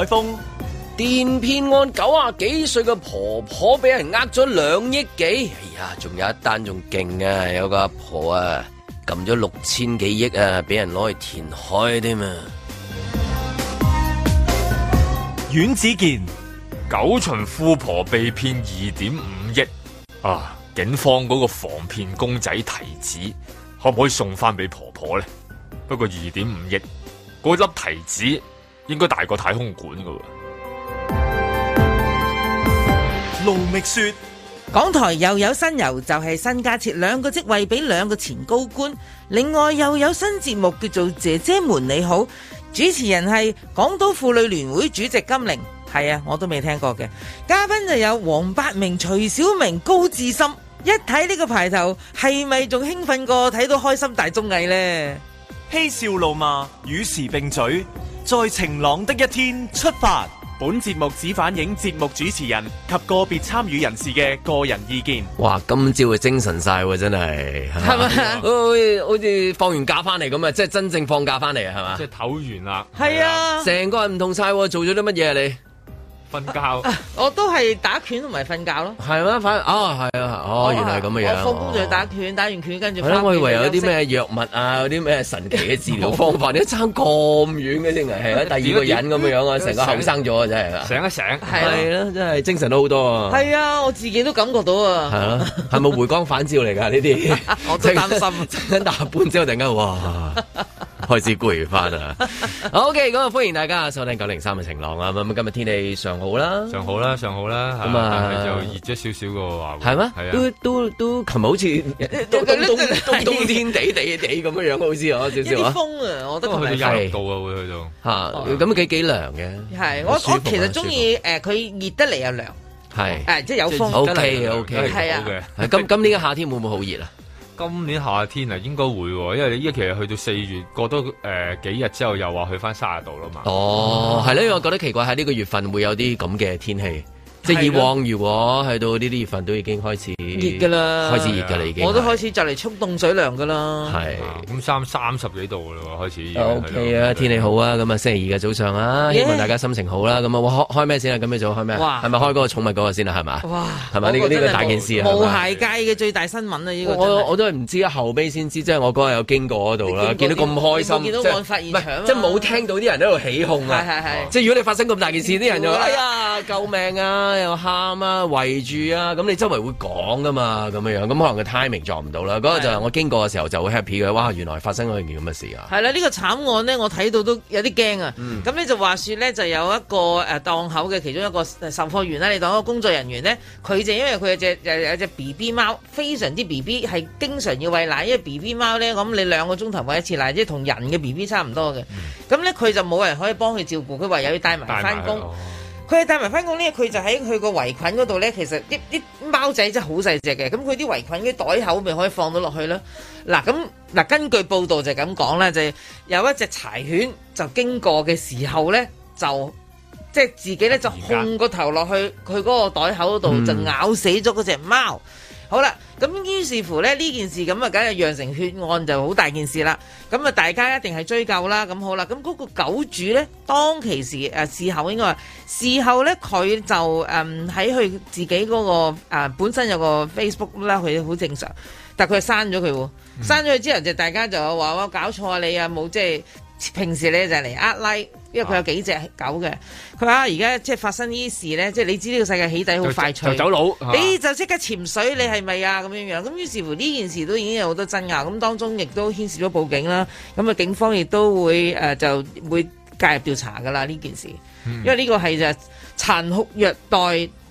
海峰，電騙案九啊幾歲嘅婆婆俾人呃咗兩億幾，哎呀，仲有一單仲勁啊，有個阿婆啊，撳咗六千幾億啊，俾人攞去填海添啊。阮子健，九旬富婆被騙二點五億啊，警方嗰個防騙公仔提子可唔可以送翻俾婆婆咧？不過二點五億，嗰粒提子。應該大過太空館噶。盧覓雪，港台又有新油，就係、是、新加設兩個職位俾兩個前高官。另外又有新節目叫做《姐姐們你好》，主持人係港島婦女聯會主席金玲，係啊，我都未聽過嘅。嘉賓就有黃百鳴、徐小明、高志森。一睇呢個排頭，係咪仲興奮過睇到開心大綜藝呢？嬉笑怒罵，與時並嘴。在晴朗的一天出發，本節目只反映節目主持人及個別參與人士嘅個人意見。哇，今朝會精神晒喎，真係，係咪？好似放完假翻嚟咁啊，即係真正放假翻嚟啊，係嘛？即係唞完啦。係啊，成個人唔同曬，做咗啲乜嘢你？瞓覺， 我都係打拳同埋瞓覺咯。係啦，反啊係、哦、啊，哦原來係咁嘅樣。我放工就打拳、哦，打完拳跟住。咁、啊、我以為有啲咩藥物啊，有啲咩神奇嘅治療方法，你爭咁遠嘅、啊、先啊，第二個人咁樣啊，成個後生咗啊，真係醒，醒一醒，係咯、啊啊，真係精神都好多啊。係啊，我自己都感覺到啊。係啊，係咪回光返照嚟㗎呢啲？ 這些 我都擔心， 打半之後突然間哇。 開始攰翻啊！o k 咁啊，歡迎大家收聽九零三嘅晴朗啦。咁啊今日天氣尚好啦，尚好啦，尚好啦。咁啊，就熱咗少少嘅話，係咩？係啊，都都 都琴日好似冬冬冬天地地地咁樣樣，好似 有少少風啊！我覺得咁樣嘅溫度啊，會去到吓，咁幾幾涼嘅。係我我其實中意誒，佢熱、呃、得嚟，又涼，係、哦啊、即係有風。O K O K 係啊。咁、okay. 今呢個夏天會唔會好熱啊？今年夏天啊，應該會，因為依家其實去到四月，過多、呃、幾日之後又話去翻三十度啦嘛。哦，係，因為我覺得奇怪喺呢個月份會有啲咁嘅天氣。即係以往如，如果去到呢啲月份都已經開始熱㗎啦，開始熱㗎啦，已經我都開始就嚟沖凍水涼㗎啦。係咁、啊、三三十幾度㗎啦，開始熱。O K 啊，天氣好啊，咁啊星期二嘅早上啊，yeah? 希望大家心情好啦。咁啊，開咩先啊？咁你早開咩啊？係咪開嗰個寵物嗰個先啊？係咪？哇！係咪呢呢個大件事啊？無鞋界嘅最大新聞啊！呢、這個我，我都係唔知啊，後尾先知，即、就、係、是、我嗰日有經過嗰度啦，見到咁開心，見見到即係冇聽到啲人喺度起哄啊！是是是是啊即係如果你發生咁大件事，啲人就哎呀救命啊！喊啊，圍住啊，咁你周圍會講噶嘛，咁樣樣，咁可能個 timing 撞唔到啦。嗰個就、啊、我經過嘅時候就會 happy 嘅，哇，原來發生咗件咁樣嘅事啊，啊！係啦，呢個慘案呢，我睇到都有啲驚啊。咁、嗯、你就話說呢，就有一個誒檔、呃、口嘅其中一個售貨員啦，你當一個工作人員呢，佢就因為佢有隻有隻 B B 貓，非常之 B B，係經常要餵奶，因為 B B 貓呢，咁你兩個鐘頭餵一次奶，即係同人嘅 B B 差唔多嘅。咁、嗯、呢，佢就冇人可以幫佢照顧，佢唯有要帶埋翻工。佢帶埋翻工呢，佢就喺佢個圍裙嗰度呢。其實啲啲貓仔真係好細隻嘅，咁佢啲圍裙啲袋口咪可以放到落去咯。嗱咁嗱，根據報道就係咁講啦，就是、有一隻柴犬就經過嘅時候呢，就即係、就是、自己呢，就控個頭落去佢嗰個袋口嗰度、嗯，就咬死咗嗰隻貓。好啦，咁於是乎咧呢件事咁啊，梗係釀成血案就好大件事啦。咁啊，大家一定係追究啦。咁好啦，咁嗰個狗主咧，當其時、呃、事後應該話事後咧，佢就喺佢、嗯、自己嗰、嗰個、呃、本身有個 Facebook 啦，佢好正常，但佢係刪咗佢喎。刪咗佢之後就大家就話我搞錯啊你啊，冇即係。平時咧就嚟呃拉，因為佢有幾隻狗嘅。佢話而家即係發生呢啲事咧，即係你知呢個世界起底好快脆，就走佬，你就即刻潛水，你係咪啊咁樣樣？咁於是乎呢件事都已經有好多爭拗，咁當中亦都牽涉咗報警啦。咁啊警方亦都會、呃、就會介入調查噶啦呢件事，因為呢個係就殘酷虐待。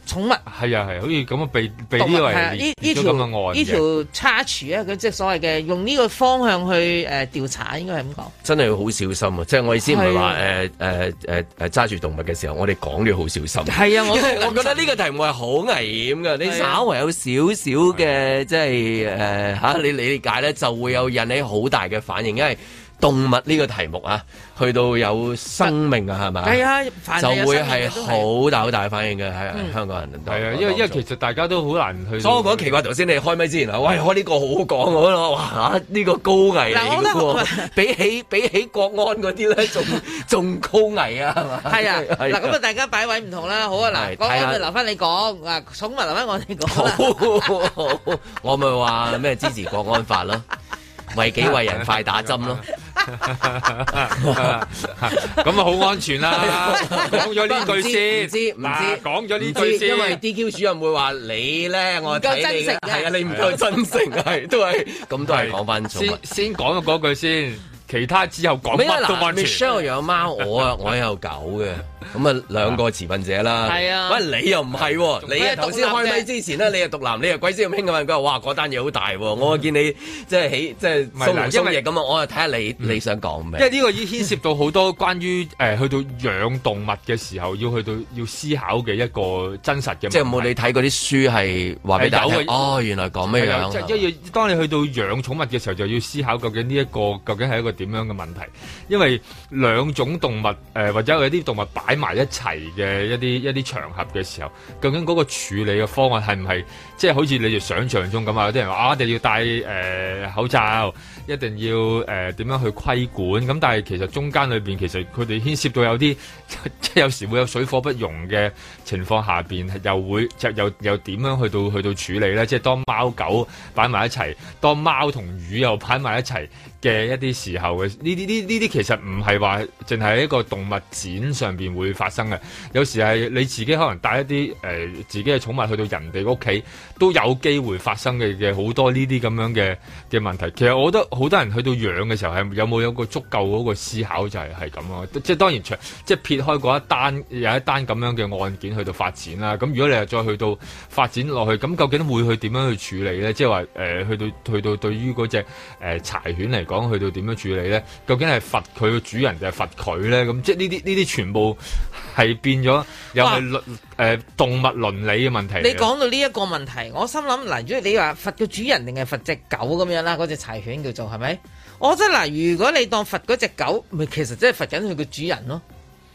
寵物係啊係、啊，好似咁嘅被被呢位呢呢、啊、條呢條叉除咧，佢即係所謂嘅用呢個方向去誒調、呃、查，應該係咁講。真係要好小心啊！即係我意思唔係話誒誒誒誒揸住動物嘅時候，我哋講都要好小心。係啊，我我覺得呢個題目係好危險嘅。你稍為有少少嘅即係誒嚇，你理解咧就會有引起好大嘅反應，因為。動物呢個題目啊，去到有生命是是是啊，係咪？係啊，就會係好大好大反應嘅，嗯、啊，香港人都係啊，因為因為其實大家都好難去。所以我講奇怪，頭先你開咪之前啊？喂、哎，開呢個好講嘅咯，哇，呢、這個高危，高危 比起比起國安嗰啲咧，仲仲高危啊，係嘛？係啊，嗱，咁啊，啊大家擺位唔同啦，好啊，嗱，國安就留翻你講，嗱，寵物留翻我哋講好，好，好，好，好，我咪話咩支持國安法咯。為己為人快打針咯，咁 啊好安全啦、啊！講咗呢句先，唔知唔知，講咗呢句先，因為 DQ 主任會話你咧，我睇你係 是啊，你唔夠真誠，係、啊、都係，咁都係講翻先，先講嗰句先，其他之後講乜都安全。Michelle 養貓，不不不我啊我有狗嘅。咁啊，兩個持份者啦，係啊，喂，你又唔係、啊，你頭先開咪之前咧，你又獨男，你又鬼先咁興嘅問佢，哇，嗰單嘢好大喎、啊！ 我見你即係起即係收留收養咁我啊睇下你你想講咩？因為呢個已經牽涉到好多關於誒、呃、去到養動物嘅時候要去到要思考嘅一個真實嘅，即係冇你睇嗰啲書係話俾大家、呃、哦，原來講咩樣？即係因為當你去到養寵物嘅時候，就要思考究竟呢、這個、一個究竟係一個點樣嘅問題？因為兩種動物誒、呃，或者有啲動物擺埋一齊嘅一啲一啲場合嘅時候，究竟嗰個處理嘅方案係唔係即係好似你哋想象中咁啊？有啲人話啊，一定要戴誒、呃、口罩，一定要誒點、呃、樣去規管？咁但係其實中間裏邊其實佢哋牽涉到有啲，即係有時會有水火不容嘅情況下邊，又會又又點樣去到去到處理咧？即係當貓狗擺埋一齊，當貓同魚又擺埋一齊。嘅一啲時候嘅呢啲呢呢啲其實唔係話淨係一個動物展上邊會發生嘅，有時係你自己可能帶一啲、呃、自己嘅寵物去到人哋屋企，都有機會發生嘅嘅好多呢啲咁樣嘅嘅問題。其實我覺得好多人去到養嘅時候係有冇有，有個足夠嗰個思考就係係咁咯。即係當然，除即係撇開嗰一單有一單咁樣嘅案件去到發展啦。咁如果你係再去到發展落去，咁究竟會去點樣去處理咧？即係話、呃、去到去到對於嗰隻誒、呃、柴犬嚟。講去到點樣處理呢？究竟係罰佢個主人定係罰佢呢？咁即係呢啲呢啲全部係變咗又係誒動物倫理嘅問題。你講到呢一個問題，我心諗嗱，如果你話罰個主人定係罰隻狗咁樣啦，嗰隻柴犬叫做係咪？我覺得，嗱，如果你當罰嗰隻狗，咪其實真係罰緊佢個主人咯。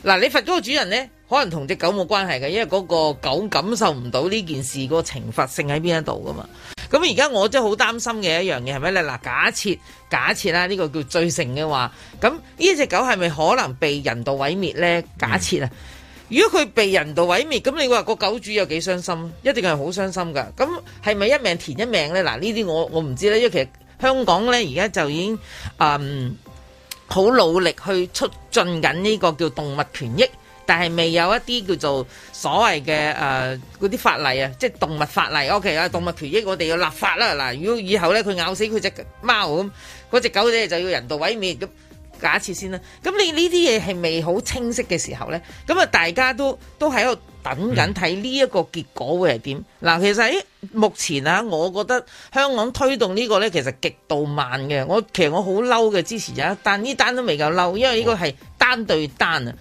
嗱，你罰嗰個主人呢，可能同隻狗冇關係嘅，因為嗰個狗感受唔到呢件事個懲罰性喺邊一度噶嘛。咁而家我真係好擔心嘅一樣嘢係咩咧？嗱，假設假設啦，呢個叫罪成嘅話，咁呢隻狗係咪可能被人道毀滅呢？假設啊，如果佢被人道毀滅，咁你話個狗主有幾傷心？一定係好傷心噶。咁係咪一命填一命呢？嗱，呢啲我我唔知呢，因為其實香港呢而家就已經嗯好努力去促進緊呢個叫動物權益。但係未有一啲叫做所謂嘅誒嗰啲法例啊，即係動物法例。O K 啊，動物權益我哋要立法啦。嗱，如果以後咧佢咬死佢隻貓咁，嗰隻狗仔就要人道毀滅。咁假設先啦，咁你呢啲嘢係未好清晰嘅時候咧，咁啊大家都都喺度等緊睇呢一個結果會係點？嗱、嗯，其實目前啊，我覺得香港推動這個呢個咧其實極度慢嘅。我其實我好嬲嘅，之前有一單，呢單都未夠嬲，因為呢個係單對單啊。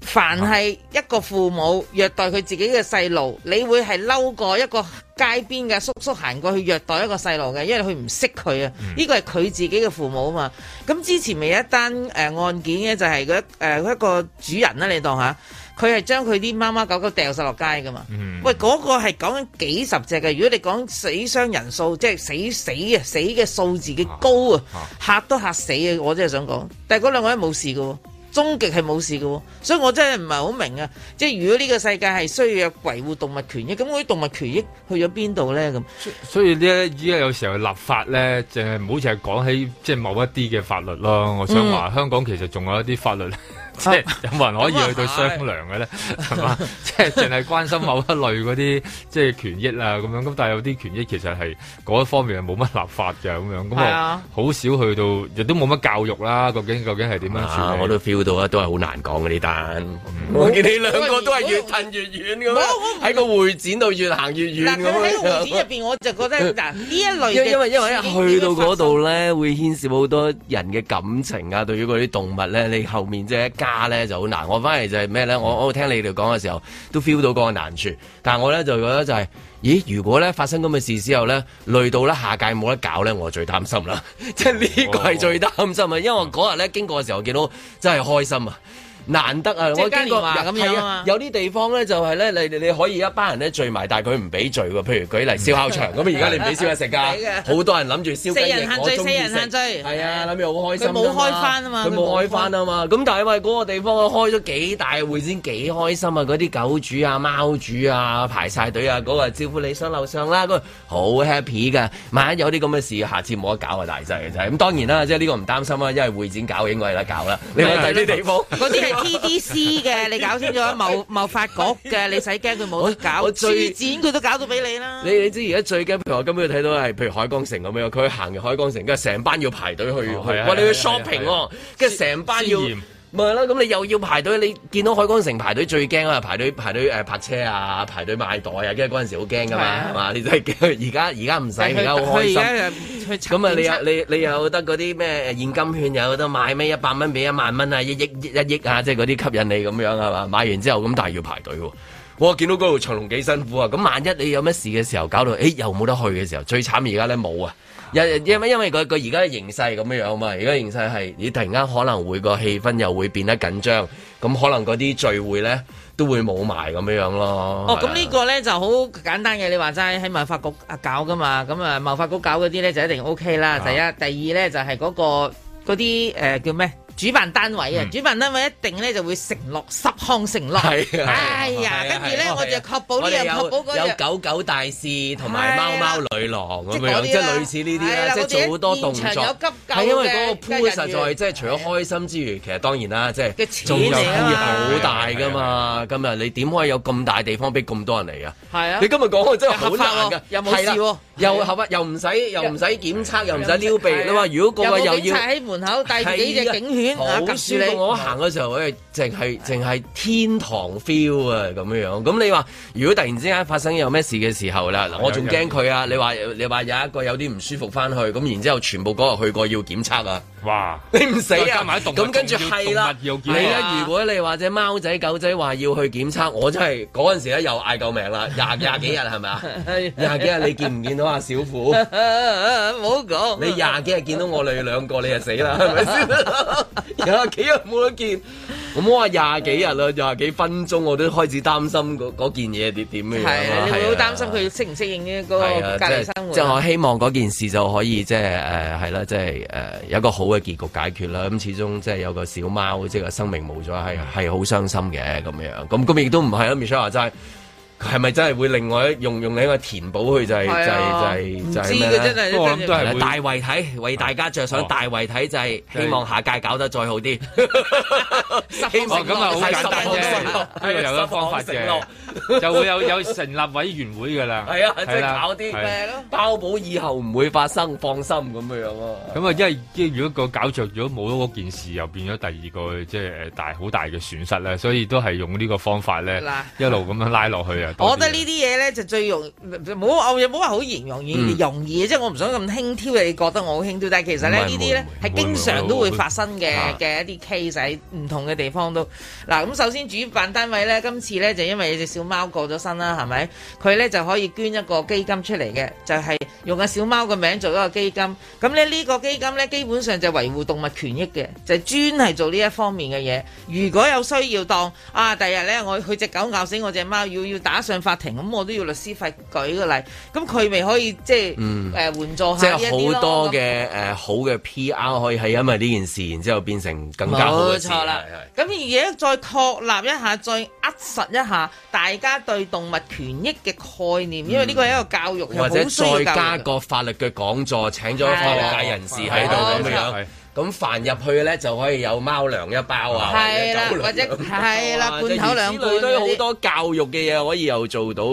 凡係一個父母虐待佢自己嘅細路，你會係嬲過一個街邊嘅叔叔行過去虐待一個細路嘅，因為佢唔識佢啊。呢、嗯，這個係佢自己嘅父母啊嘛。咁之前咪有一單誒案件嘅，就係嗰誒一個主人啦，你當下，佢係將佢啲貓貓狗狗掉晒落街噶嘛、嗯。喂，嗰、那個係講緊幾十隻嘅，如果你講死傷人數，即係死死嘅死嘅數字嘅高啊，吓、啊、都嚇死啊！我真係想講，但係嗰兩個人冇事噶。終極係冇事嘅，所以我真係唔係好明啊！即係如果呢個世界係需要有維護動物權益，咁嗰啲動物權益去咗邊度咧？咁所以咧，依家有時候立法咧，淨係唔好淨係講起即係某一啲嘅法律咯。我想話、嗯、香港其實仲有一啲法律、嗯。即係有冇人可以去到商量嘅咧？係嘛？即係淨係關心某一類嗰啲 即係權益啊咁樣。咁但係有啲權益其實係嗰一方面係冇乜立法嘅咁樣。咁啊，好少去到亦、啊、都冇乜教育啦。究竟究竟係點樣、啊？我都 feel 到啊，都係好難講嘅呢單，我見你兩個都係越褪越遠咁喺、嗯、個會展度越行越遠咁樣。嗱、嗯，喺個會展入邊我就覺得嗱呢一類嘅因為因為去到嗰度咧會牽涉好多人嘅感情啊。對於嗰啲動物咧，你後面即係家咧就好難，我反而就係咩咧，我我聽你哋講嘅時候都 feel 到嗰個難處，但係我咧就覺得就係、是，咦，如果咧發生咁嘅事之後咧，累到咧下屆冇得搞咧，我就最擔心啦，即係呢個係最擔心啊，因為嗰日咧經過嘅時候，我見到真係開心啊！難得啊！我經過係、嗯、啊，有啲地方咧就係、係、咧，你你可以一班人咧聚埋，但係佢唔俾聚喎。譬如舉例燒烤場咁而家你唔俾燒嘢食㗎。好多人諗住燒雞翼，四人限聚，我中意食。係啊，諗住好開心，佢冇開翻啊嘛，佢冇開翻啊嘛。咁但係喂嗰個地方開咗幾大會展，幾開心啊！嗰啲狗主啊、貓主啊排晒隊啊，嗰、嗰個招呼你上樓上啦，嗰、嗰個好 happy 㗎。萬一有啲咁嘅事，下次冇得搞啊！大細咁當然啦、啊，即係呢個唔擔心啊，因為會展搞應該係得搞啦、啊。你話第啲地方 PDC 嘅，你搞清楚，某某發局嘅，你使驚佢冇得搞，我最展佢都搞到俾你啦。你你知而家最驚，譬如我今日睇到係，譬如海港城咁樣，佢行入海港城，跟住成班要排隊去，喂、哦，你去 shopping，跟住成班要。咪係咯，咁你又要排隊？你見到海港城排隊最驚啊！排隊排隊誒，泊車啊，排隊、呃、買袋啊，跟住嗰陣時好驚噶嘛，係嘛？你真係驚。而家而家唔使，而家好開心。咁 啊，你又你你，你得嗰啲咩現金券，又得買咩一百蚊俾一萬蚊啊，一億一億啊，即係嗰啲吸引你咁樣係嘛？買完之後咁，但係要排隊喎、啊。我見到嗰度長龍幾辛苦啊！咁萬一你有乜事嘅時候，搞到誒又冇得去嘅時候，最慘而家咧冇啊！因因咩？因為個而家嘅形勢咁樣樣啊嘛，而家形勢係你突然間可能會個氣氛又會變得緊張，咁可能嗰啲聚會咧都會冇埋咁樣樣咯。哦，咁呢個咧就好簡單嘅，你話齋喺文化局啊搞噶嘛。咁啊文化局搞嗰啲咧就一定 OK 啦。第一、第二咧就係嗰個嗰啲誒叫咩？主辦單位啊、嗯，主辦單位一定咧就會承諾濕康承諾、啊，哎呀，跟住咧我就確保呢樣，確保嗰、那個、有狗狗大使同埋貓貓女郎咁、啊、樣，即、就、係、是啊、類似呢啲啦，即係做好多動作。係、啊、因為嗰個鋪實在即係、啊、除咗開心之餘，其實當然啦，即係嘅錢嚟啦，好大噶嘛！嘛啊嘛啊、今日你點可以有咁大地方俾咁多人嚟啊？係啊！你今日講我真係好難㗎，有冇笑、哦？又合又唔使又唔使檢測，又唔使撩鼻你話！如果各位，又要喺門口帶幾隻警犬。好、啊、舒服我行嘅時候咧，淨係淨係天堂 feel 啊，咁樣樣。咁你話，如果突然之間發生有咩事嘅時候啦，嗱、嗯，我仲驚佢啊！嗯、你話你話有一個有啲唔舒服翻去，咁然之後全部嗰日去過要檢測啊！哇！你唔死啊！咁、嗯、跟住係啦，你啊，啊！如果你或者貓仔狗仔話要去檢測、啊，我真係嗰陣時咧又嗌救命啦！廿廿幾日係咪 啊？廿幾日你見唔見到阿小虎，唔好講。你廿幾日見到我哋兩個，你就死啦，係咪先？ 廿幾日冇得見，我唔好話廿幾日啦，廿 幾分鐘我都開始擔心嗰件嘢點點樣。係、啊啊、你會好擔心佢適唔適應呢個隔離生活。即係、啊就是就是、我希望嗰件事就可以即係誒係啦，即係誒有一個好嘅結局解決啦。咁、嗯、始終即係有個小貓即係生命冇咗，係係好傷心嘅咁樣。咁咁亦都唔係啊，Michelle 話齋。係咪真係會另外一用用呢個填補去就係、是、就係、是、就係、是、就係咩咧？不過我諗都係大遺體為大家着想，大遺體就係希望下屆搞得再好啲。希望咁啊，好簡單啫，有 個方法啫、就是， 就會有有成立委員會噶啦。係啊，即係、啊啊就是、搞啲咩咯？包保以後唔會發生，放心咁嘅樣啊。咁啊，因為即係如果個搞着咗冇咗嗰件事，又變咗第二個即係誒大好大嘅損失咧。所以都係用呢個方法咧， 一路咁樣拉落去啊。些我覺得呢啲嘢呢，就最容冇冇話好易好容易、嗯、容易即係我唔想咁輕佻，你覺得我好輕佻，但係其實呢呢啲呢，係經常都會發生嘅嘅一啲 case 喺唔同嘅地方都嗱咁。啊啊、首先，主辦單位呢，今次呢，就因為有隻小貓過咗身啦，係咪佢呢，就可以捐一個基金出嚟嘅，就係、係、用個小貓嘅名做一個基金。咁呢呢、呢個基金呢，基本上就維護動物權益嘅，就係、專係做呢一方面嘅嘢。如果有需要當啊，第日呢，我佢隻狗咬死我隻貓要，要要打。加上法庭咁，我都要律師費，舉個例，咁佢咪可以即係誒援助下即係、呃、好多嘅誒好嘅 PR 可以係因為呢件事，然之後變成更加好嘅事。冇錯啦。咁而家再確立一下，再扼實一下大家對動物權益嘅概念，嗯、因為呢個係一個教育，教育或者再加個法律嘅講座，請咗法律界人士喺度咁嘅樣。咁凡入去咧，就可以有貓糧一包啊，或者係啦，罐頭兩罐都有好多教育嘅嘢可以又做到，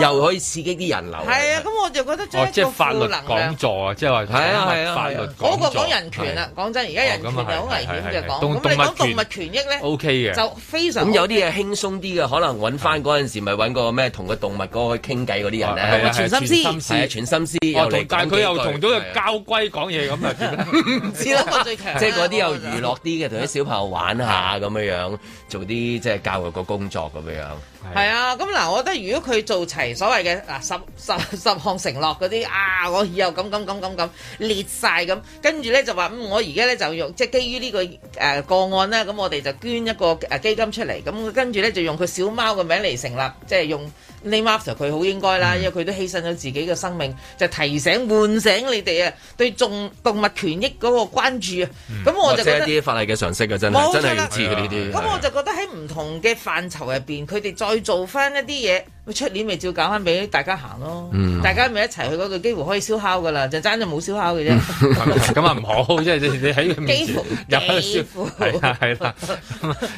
又可以刺激啲人流。係啊，咁我就覺得一個法律講座啊，即係話動物法律講座。嗰個講，講，講，講人權啦，講真而家人權好危險嘅講，咁講動物權益咧，OK 嘅就非常、okay。咁有啲嘢輕鬆啲嘅，可能揾翻嗰陣時咪揾個咩同個動物嗰個去傾偈嗰啲人咧，傳心師，傳心師。但係佢又同咗個交龜講嘢咁啊，唔知啦。即係嗰啲有娛樂啲嘅，同啲小朋友玩下咁樣樣，做啲即係教育個工作咁樣樣。係啊，咁嗱，我覺得如果佢做齊所謂嘅嗱十十十項承諾嗰啲啊，我以後咁咁咁咁咁列晒咁，跟住咧就話嗯，我而家咧就用即係、就是、基於呢個誒個案啦，咁我哋就捐一個誒基金出嚟，咁跟住咧就用佢小貓嘅名嚟成立，即係用。name after 佢好應該啦，因為佢都犧牲咗自己嘅生命，就提醒、喚醒你哋啊，對動物權益嗰個關注啊。咁、嗯、我就覺得啲法例嘅常識啊，真係真係唔知嘅呢啲。咁我就覺得喺唔同嘅範疇入邊，佢哋再做翻一啲嘢。出年咪照搞翻俾大家行咯，嗯、大家咪一齊去嗰度，那個、幾乎可以燒烤噶啦，就爭就冇燒烤嘅啫。咁啊唔好， 即係你你喺幾乎幾乎係啊係啦，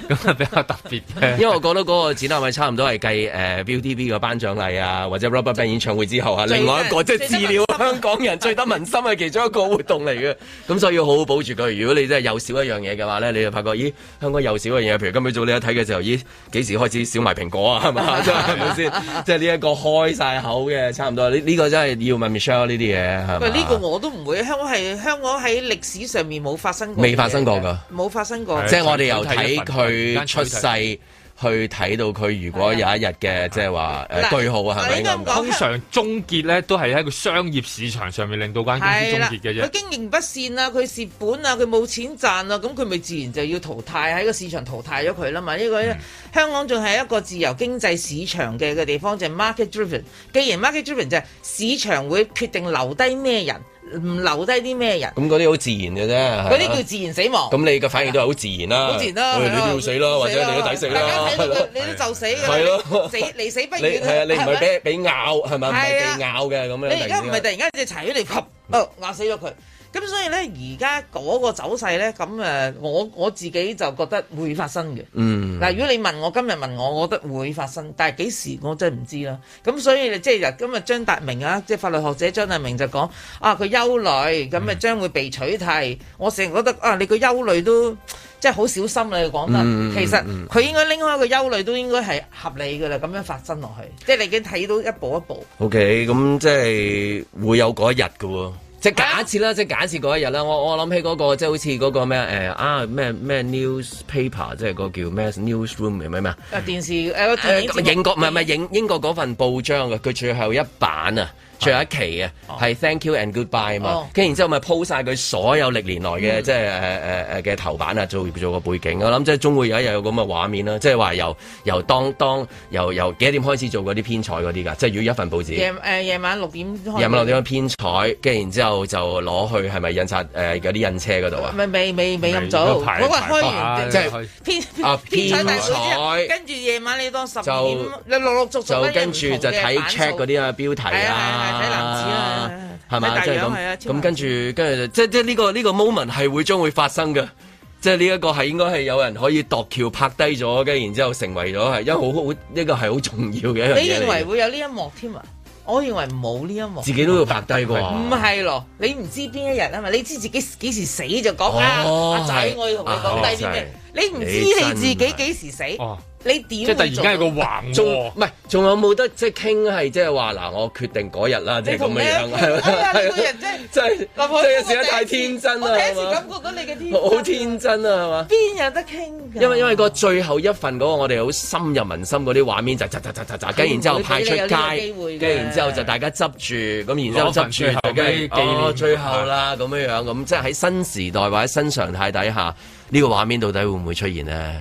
咁啊比較特別因為我覺得嗰個展覽咪差唔多係繼誒 ViuTV 個頒獎禮啊，或者 Rubberband 演唱會之後啊，另外一個即係治療香港人最得民心嘅其中一個活動嚟嘅。咁 所以要好好保住佢。如果你真係有少一樣嘢嘅話咧，你就發覺咦香港有少一樣嘢，譬如今日早你一睇嘅時候，咦幾時開始少賣蘋果啊？係 嘛不是，咪先？即係呢一個開晒口嘅，差唔多呢呢個真係要問 Michelle 呢啲嘢係嘛？呢個我都唔會。香港係香港喺歷史上面冇發生過，未發生過㗎，冇發生過。生過 即係我哋又睇佢出世。 去睇到佢如果有一日嘅，即係話，誒句、呃、號啊，係咪通常終結咧，都係喺個商業市場上面令到間公司終結嘅啫。佢經營不善啊，佢蝕本啊，佢冇錢賺啊，咁佢咪自然就要淘汰喺個市場淘汰咗佢啦嘛。呢、這個、嗯、香港仲係一個自由經濟市場嘅嘅地方，就係、是、market driven。既然 market driven 就係、是、市場會決定留低咩人。唔留低啲咩人？咁嗰啲好自然嘅啫，嗰啲、啊、叫自然死亡。咁你嘅反應都係好自然啦，好、啊、自然啦、啊欸啊，你都要死啦，或者你都抵死啦、啊啊，你都就死，係咯、啊，啊、你死你 離死不遠。你啊，你唔係俾俾咬係咪係唔係俾咬嘅咁、啊、樣你而家唔係突然間隻柴喺嚟吸，哦 咬死咗佢。咁所以咧，而家嗰個走勢咧，咁誒，我我自己就覺得會發生嘅。嗯，嗱，如果你問我今日問我，我覺得會發生，但係幾時我真係唔知啦。咁所以你即係日今日張達明啊，即係法律學者張達明就講啊，佢憂慮，咁啊將會被取替、嗯。我成日覺得啊，你個憂慮都即係好小心你講得、嗯嗯，其實佢應該拎開個憂慮，都應該係合理噶啦，咁樣發生落去，即係你已經睇到一步一步。OK，咁即係會有嗰一日嘅喎。即係假設啦、啊那個，即係假設嗰一日啦，我我諗起嗰個即係好似嗰個咩誒啊咩咩 newspaper，即係個叫咩 newsroom 定咩咩啊電視誒、啊啊、英國唔係唔係英英國嗰份報章嘅佢最後一版啊！最後一期啊，係、啊、Thank you and goodbye 啊嘛。跟、啊哦、然之後咪鋪晒佢所有歷年來嘅即係誒誒嘅頭版啊，做做個背景。我諗即係總會有一日有咁嘅畫面啦、啊。即係話由由當當由由,由幾多點開始做嗰啲編採嗰啲㗎？即係如果一份報紙、呃，夜晚六點開。夜晚六點編採。跟然後是是、呃啊呃啊、之後就攞去係咪印刷誒嗰啲印車嗰度啊？未未未未入咗？我話開完即係編啊編採，跟住夜晚你當十點，就絡絡絡絡絡絡就絡絡絡絡跟住就睇 check 嗰啲啊標題啊。睇、啊、男子啊，係咪？咁、就是啊。跟住，跟住，即係即係呢個呢、這個 moment 係會將會發生嘅，即係呢一個係應該係有人可以度橋拍低咗，跟住然之後成為咗因為好好呢個係好重要嘅。你認為會有呢一幕添啊？我認為冇呢一幕，自己都要拍低過。唔係咯，你唔知邊一日啊嘛？你知自己幾時死就講啦。阿仔、哦啊，我要同你講低先。你唔知你自己幾時死。你點？即突然間有個橫額，唔係仲有冇得即係傾？係即係話嗱，我決定嗰日啦，即係咁樣樣，係咪？係、 哎、個人、就是、 真係真係真係太天真啦！我第一次感覺到你嘅天真，好天真啊，係嘛？邊 有得傾？因為因為個最後一份嗰、那個，我哋好深入民心嗰啲畫面，就喳喳喳喳跟住然之後，後派出街，跟住然之後，後就大家執住，咁然之後執住大家紀念最後啦，咁、哦、樣咁、啊、即係喺新時代或者新常態底下，呢、這個畫面到底會唔會出現呢？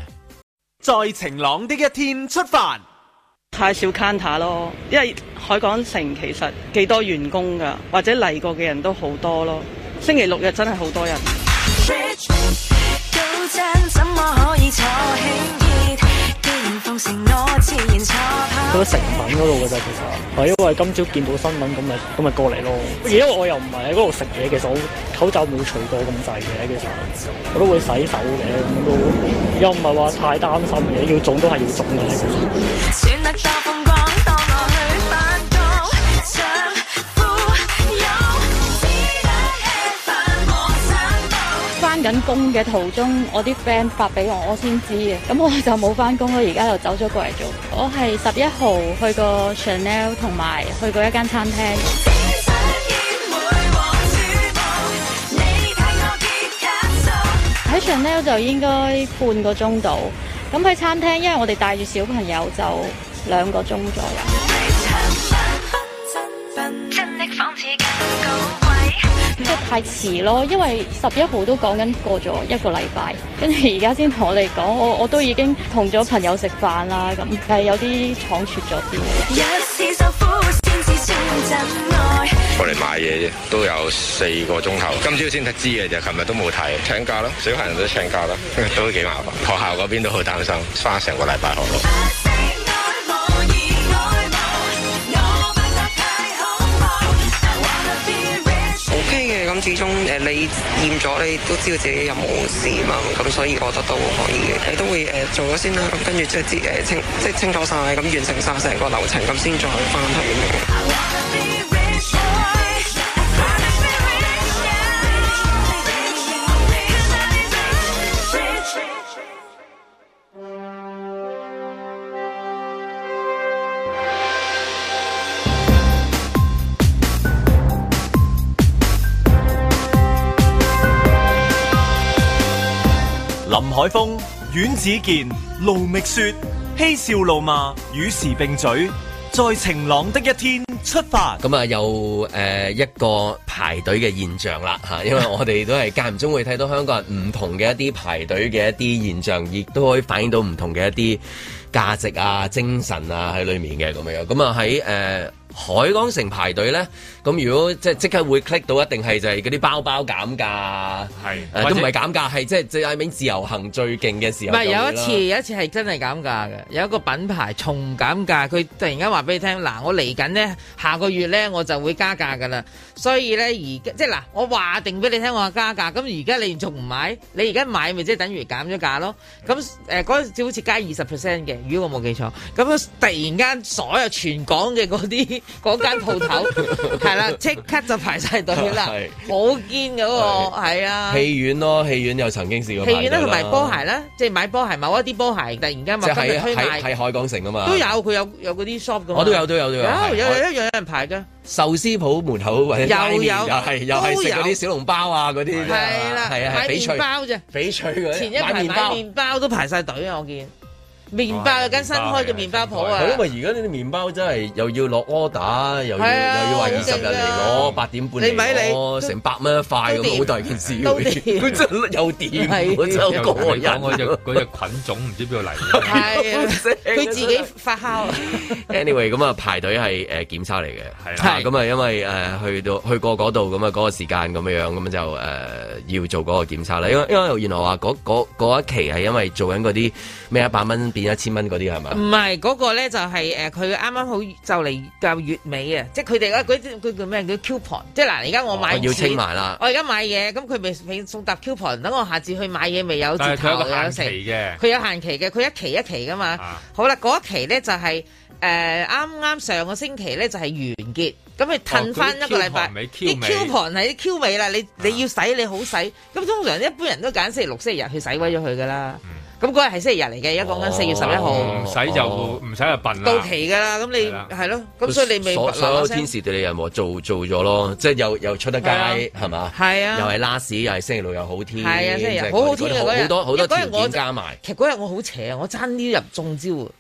在晴朗的一天出發，太少 counter 咯，因為海港城其實幾多員工噶，或者嚟過嘅人都好多咯。星期六日真係好多人。Rich, 佢啲成品嗰度嘅啫，其實係因為今朝見到新聞，咁咪咁咪過嚟咯。而因為我又唔係喺嗰度食嘢嘅，其實我口罩冇除過咁滯嘅，其實我都會洗手嘅，咁都又唔係話太擔心嘅，要種都係要種嘅。 緊工嘅途中，我啲 friend 發俾我，我先知嘅，咁我就冇翻工咯，而家又走咗過嚟做。我係十一號去過 Chanel 同埋去過一間餐廳。喺 Chanel 就應該半個鐘度，咁喺餐廳，因為我哋帶住小朋友就兩個鐘左右。太遲咯，因為十一號都講緊過咗一個禮拜，跟住而家先同我哋講，我我都已經同咗朋友食飯啦，咁係有啲倉促咗啲。我嚟買嘢都有四個鐘頭，今朝先得知嘅啫，琴日都冇睇。請假咯，小朋友都請假啦， 都幾麻煩。學校嗰邊都好擔心，花成個禮拜學咯。始終誒、呃、你驗咗你都知道自己有冇事嘛，咁所以我覺得都可以嘅，你都會誒、呃、做咗先啦，咁跟住即係清即係清楚晒。咁完成晒成個流程，咁先再翻去。林海峰、阮子健、盧覓雪、嬉笑怒罵、與時並進，在晴朗的一天出發。咁啊，又誒、呃、一個排隊嘅現象啦，吓，因為我哋都係間唔中會睇到香港人唔同嘅一啲排隊嘅一啲現象，亦都可以反映到唔同嘅一啲價值啊、精神啊喺裏面嘅咁樣。咁啊喺誒海港城排隊咧。咁如果即係即刻會 click 到，一定係就係嗰啲包包減價，都唔係減價，係即係最有名自由行最勁嘅時候。唔係有一次，有一次係真係減價嘅，有一個品牌重減價，佢突然間話俾你聽，嗱我嚟緊呢，下個月咧我就會加價㗎啦。所以咧而即係嗱，我話定俾你聽，我加價。咁而家你仲唔買？你而家買咪即係等於減咗價咯。咁誒嗰陣好似加二十 percent 嘅，如果我冇記錯，咁突然間所有全港嘅嗰啲嗰間鋪頭啦，即刻就排晒隊啦！我見嗰、嗰個係啊，戲院咯，戲院又曾經試過排戲院啦、啊，同埋波鞋啦，即係買波鞋，某一啲波鞋突然間話今日推賣，係海港城啊嘛，都有佢有有嗰啲 shop 嘅，我都有都有都有，有一樣有，有，有，有人排嘅，壽司鋪門口或者有有係又係食啲小籠包啊嗰啲，係啦，係啊，啊啊麵買麵包啫，翡翠嗰啲買麵包都排曬隊啊，我見。啊、麵包有間新開嘅麵包鋪啊，因為而家呢啲麵包真係又要落 order，又要、啊、又要話二十日嚟攞八點半你嚟你成百蚊一塊咁好大件事，又點我真係真係個人只只、啊那個、菌種唔知邊度嚟，佢、啊、自己發酵。anyway 咁 啊排隊係誒檢查嚟嘅，係咁啊因為誒、呃、去到去過嗰度咁啊嗰個時間咁樣、那個、間樣咁就誒、呃、要做嗰個檢查啦，因為因為原來話嗰一期係因為做緊嗰啲咩一百蚊一千蚊嗰啲係嘛？唔係嗰個咧、就是，呃、剛剛就係誒，佢啱啱好就嚟夠月尾啊！即係佢哋嗰啲佢叫咩？叫 coupon，即係嗱，而家我買，我、哦、要記埋啦。我而家買嘢，咁佢未送送沓 coupon，等我下次去買嘢，咪有折頭嘅，佢有限期嘅，佢一期一期噶嘛。啊、好啦，嗰一期咧就係、是、誒，啱、呃、啱上個星期咧就係完結，咁咪褪翻一個禮拜。啲 coupon 係啲 Q 尾 u 啦，你你要洗你好洗。咁、啊、通常一般人都揀星期六、星期日去洗鬼咗佢噶啦。嗯咁嗰日係星期日嚟嘅，而家講緊四月十一號，唔、哦、使就唔使、哦、就笨啦。到期㗎啦，咁你係咯，咁所以你未所有天時地利人和做做咗咯，即係又又出得街係嘛？係啊，啊，又係拉屎，又係星期六又好天，係啊，星期日，好、就是、好天氣、啊、好多好多條件加埋。其實嗰日我好邪啊，我爭啲入中招。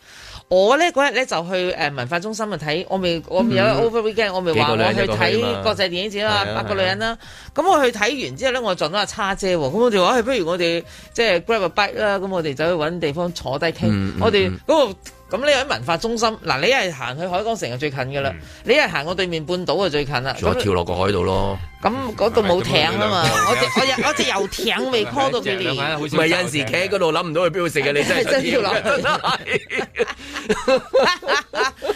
我咧嗰日咧就去誒、呃、文化中心去睇，我未我未有 over weekend，我咪話我去睇國際電影展啊，啊，八個女人啦、啊。咁、啊啊嗯、我去睇完之後咧，我撞到阿叉姐喎，咁我哋話不如我哋即係 grab a bite 啦，咁我哋走去搵地方坐低傾，我、嗯、哋、嗯.咁你喺文化中心，嗱你一係行去海港城係最近噶啦，你一係行過對面半島係最近啦。再跳落個海度咯。咁嗰度冇艇啊嘛、嗯是是，我隻我隻我，我隻遊艇未 call 到幾年，唔 係有時企喺嗰度諗唔到去邊度食嘅，你真係。真跳落去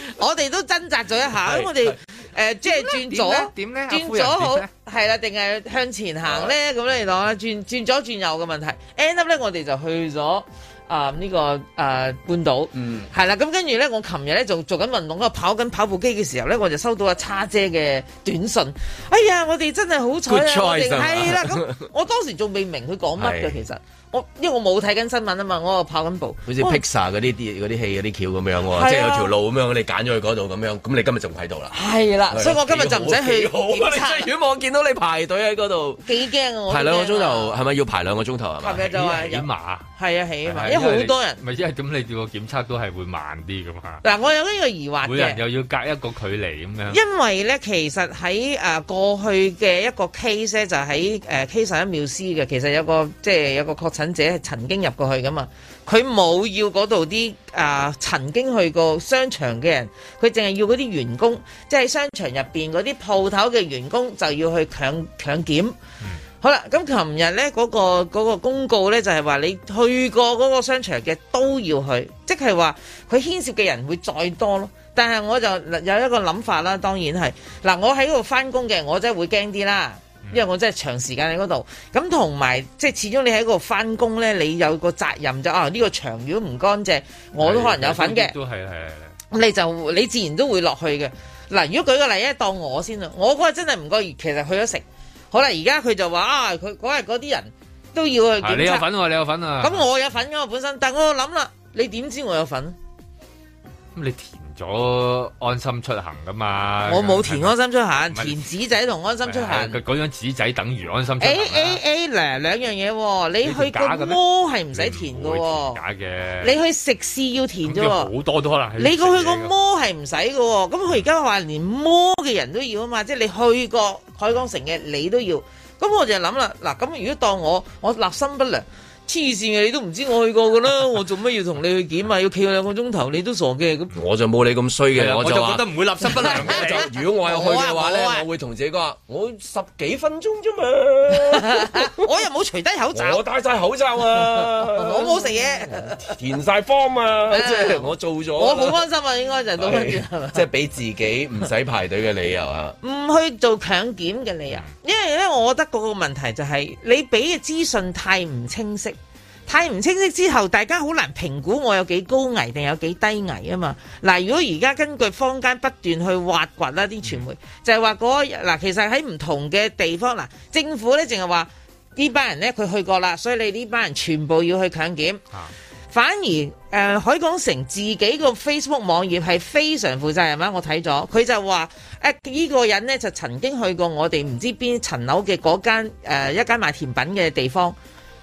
我哋都掙扎咗一下，是是我哋誒即係轉左點咧？轉左好係啦，定係向前行咧？咁你講啊？轉轉左轉右嘅問題，end up，咧，我哋就去咗。啊、嗯！呢、這個啊、呃、半島，嗯是，係啦。咁跟住咧，我琴日咧就做緊運動，跑緊跑步機嘅時候咧，我就收到阿叉姐嘅短信。哎呀，我哋真係好彩啊！係啦，咁、 嗯、我當時仲未明佢講乜嘅其實。我因為我冇睇緊新聞啊嘛，我又跑緊步。好似 Pixar 嗰啲啲嗰啲戲嗰啲橋咁樣喎、啊，即係有條路咁樣，你揀咗去嗰度咁樣，咁你今日就唔喺度啦？係啦、啊啊，所以我今日就唔使去檢測。遠望見到你排隊喺嗰度，幾驚啊！排係兩個鐘頭，係咪要排兩個鐘頭啊？排嘅就係起碼係啊，起碼是、啊是啊、因為好多人。咪因係咁，你做個檢測都係會慢啲咁嘛。嗱，我有呢個疑惑，每人又要隔一個距離咁樣。因為咧，其實喺誒、呃、過去嘅一個 case 咧，就喺誒 case 一秒思嘅，其實有一個即係有個確診。者係曾經入過去噶嘛，佢冇要嗰度啲啊，曾經去過商場嘅人，佢淨係要嗰啲員工，即係商場入邊嗰啲鋪頭嘅員工就要去強強檢。好啦，咁琴日呢嗰個、嗰個公告呢，就係話你去過嗰個商場嘅都要去，即係話佢牽涉嘅人會再多咯。但係我就有一個諗法啦，當然係嗱，我喺度翻工嘅，我真係會驚啲啦。因為我真係長時間喺嗰度，咁同埋即係始終你喺嗰度翻工咧，你有個責任就啊呢個場如果唔乾淨，我都可能有份嘅。都係，係，係。咁你就你自然都會落去嘅。嗱，如果舉個例一當我先啦，我嗰日真係唔覺意，其實去咗食。好啦，而家佢就話啊，佢嗰日嗰啲人都要去檢查。你有份，你有份啊！咁、啊、我有份噶、啊，我本身，但係我諗啦，你點知我有份？咁你點？咗安心出行噶嘛？我冇填安心出行，填紙仔同安心出行嗰樣紙仔等於安心出行。哎哎哎兩樣嘢，你去個魔，係唔使填噶，假嘅。你去食肆要填啫，好多都可能去吃的。你去個去個魔係唔使噶，咁佢而家話連魔嘅人都要啊嘛，即係你去過海港城嘅你都要。咁我就諗啦，嗱，咁如果當我我立心不良。黐線嘅，你都唔知我去過嘅啦！我做咩要同你去檢呀？要企兩個鐘頭，你都傻嘅咁。我就冇你咁衰嘅，我就覺得唔會立心不良。 如果我有去嘅話咧、啊啊，我會同自己講：我十幾分鐘啫嘛， 我又冇除低口罩。我戴晒口罩 沒吃東西 啊！我冇食嘢，填晒方嘛，即係我做咗。我好安心啊，應該就係咁。即係俾自己唔使排隊嘅理由啊！唔 去做強檢嘅理由，因為咧，我覺得嗰個問題就係、是、你俾嘅資訊太唔清晰。睇唔清晰之後，大家好難評估我有幾高危定有幾低危啊嘛！嗱，如果而家根據坊間不斷去挖掘啦，啲傳媒就係話嗰，嗱，其實喺唔同嘅地方嗱，政府呢淨係話呢班人呢，佢去過啦，所以你呢班人全部要去強檢。啊、反而、呃、海港城自己個 Facebook 網頁係非常負責任啊！我睇咗佢就話誒呢個人呢，就曾經去過我哋唔知邊層樓嘅嗰間、呃、一間賣甜品嘅地方。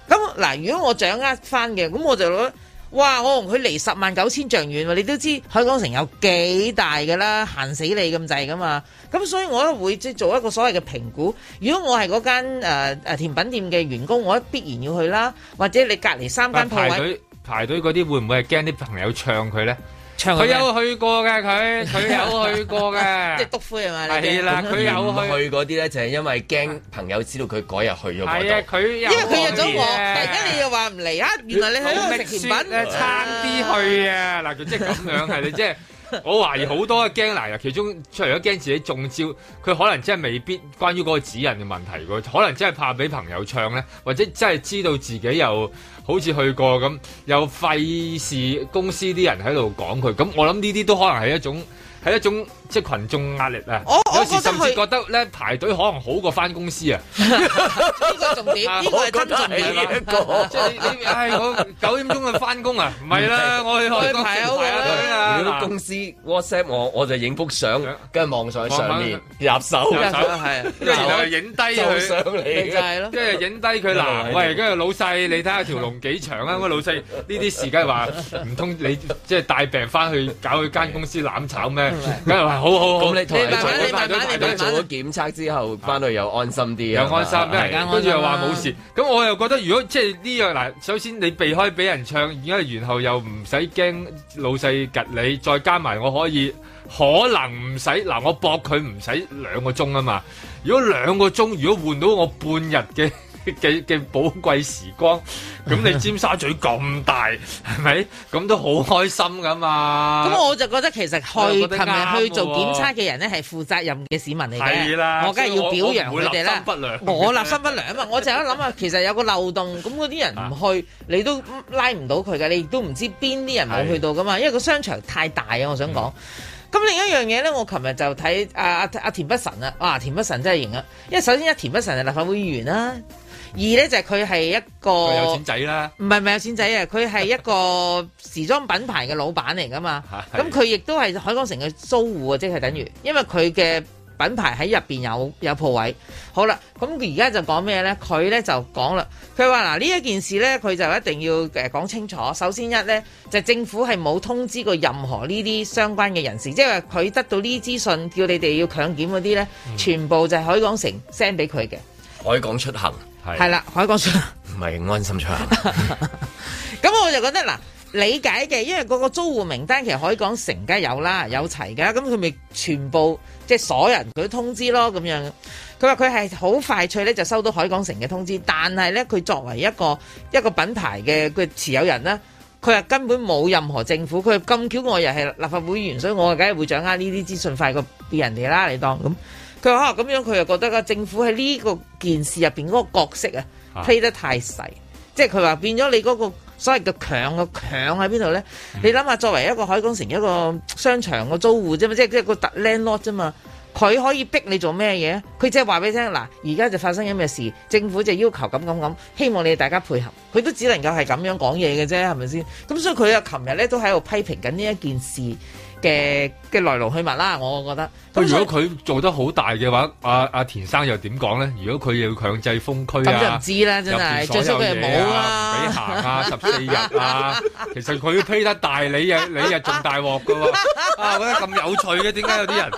咁嗱，如果我掌握翻嘅，咁我就攞，哇！我同佢離十萬九千丈遠，你都知海港城有幾大噶啦，行死你咁滯噶嘛。咁所以我都會即做一個所謂嘅評估。如果我係嗰間誒誒甜品店嘅員工，我必然要去啦。或者你隔離三間排隊排隊嗰啲，會唔會係驚啲朋友唱佢呢？佢有去過嘅，佢佢有去過嘅，即係督灰啊嘛。係啦，佢有去嗰啲咧，就係因為驚朋友知道佢嗰日去咗。佢因為佢約咗我，而家你又話唔嚟啊？原來你去食甜品，撐啲去啊！嗱， 即係咁樣係你即係，我懷疑好多驚嗱，其中出嚟都驚自己中招，佢可能真係未必關於嗰個指引嘅問題喎，可能真係怕俾朋友唱咧，或者真係知道自己又。好似去過咁，又費事公司啲人喺度講佢，咁我諗呢啲都可能係一種係一種。即係羣眾壓力啊！有、oh, 時甚至覺得咧排隊可能好過翻公司啊！呢 個、呢個、重點，呢個係真正嘅一個。唉，我九點鐘上去翻工啊，唔係啦，啦，我去開個排隊啊！如果公司 WhatsApp 我，我就影幅相，跟住望上去上面入手，跟住 然後影低佢，上嚟，跟住影低佢嗱，喂，跟住老細，你睇下條龍幾長啊！我 老細呢啲事，梗係話唔通你即係帶病翻去搞佢間公司攬炒咩？好好好，你同阿大都做咗檢測之後，翻、啊、到去又安心啲，又安心，跟住又話冇事。咁、啊、我又覺得，如果即係呢樣嗱，首先你避開俾人唱，而家然後又唔使驚老細及你，再加埋我可以可能唔使嗱，我搏佢唔使兩個鐘啊嘛。如果兩個鐘，如果換到我半日嘅。嘅嘅寶貴時光，咁你尖沙咀咁大，係咪咁都好開心噶嘛？咁我就覺得其實去琴日去做檢測嘅人咧，係負責任嘅市民嚟嘅。係啦，我梗係要表揚佢哋啦。我立心不良啊嘛，我就喺度諗啊。其實有個漏洞，咁嗰啲人唔去，你都拉唔到佢㗎。你亦都唔知邊啲人冇去到㗎嘛？因為個商場太大啊。我想講，咁另一樣嘢咧，我琴日就睇阿阿阿田北辰呀。哇，田北辰真係型啊！因為首先阿田北辰係立法會議員啦。二咧就係佢係一個有錢仔啦，唔係唔係有錢仔啊！佢係一個時裝品牌嘅老闆嚟噶嘛，咁佢亦都係海港城嘅租戶啊，即係等於，因為佢嘅品牌喺入面有有鋪位。好啦，咁而家就講咩咧？佢咧就講啦，佢話嗱呢一件事咧，佢就一定要誒講清楚。首先一咧就政府係冇通知過任何呢啲相關嘅人士，即係佢得到呢啲資訊，叫你哋要強檢嗰啲咧，全部就係海港城 send 俾佢嘅海港出行。係啦，海港商唔係安心場。咁 我就覺得嗱，理解嘅，因為嗰個租戶名單其實海港城梗係有啦，有齊噶，咁佢咪全部即係鎖人佢都通知咯，咁樣。佢話佢係好快脆咧就收到海港城嘅通知，但係呢，佢作為一個一個品牌嘅佢持有人呢，佢係根本冇任何政府，佢咁巧我又係立法會議員，所以我梗係會掌握呢啲資訊快過別人哋啦，你當咁。佢話咁樣，佢又覺得政府喺呢個件事入邊嗰個角色啊，play 得太細，即係佢話變咗你嗰個所謂嘅強嘅強喺邊度呢？嗯、你諗下，作為一個海港城一個商場嘅租戶啫嘛，即係即係個特 landlord 啫嘛，佢可以逼你做咩嘢？佢即係話俾你聽，嗱，而家就發生緊咩事，政府就要求咁咁咁，希望你哋大家配合，佢都只能夠係咁樣講嘢嘅啫，係咪先？咁所以佢啊，琴日呢都喺度批評緊呢一件事。嘅嘅來龍去脈啦，我覺得。如果佢做得好大嘅話，阿、啊、阿田生又點講咧？如果佢要強制封區、啊，咁就唔知啦，真係、啊。最衰佢係冇啊，唔俾行啊，十四日啊。 其實佢批得大，你啊你啊仲大鑊噶喎。啊，點、 啊、得咁有趣嘅、啊？點解有啲人？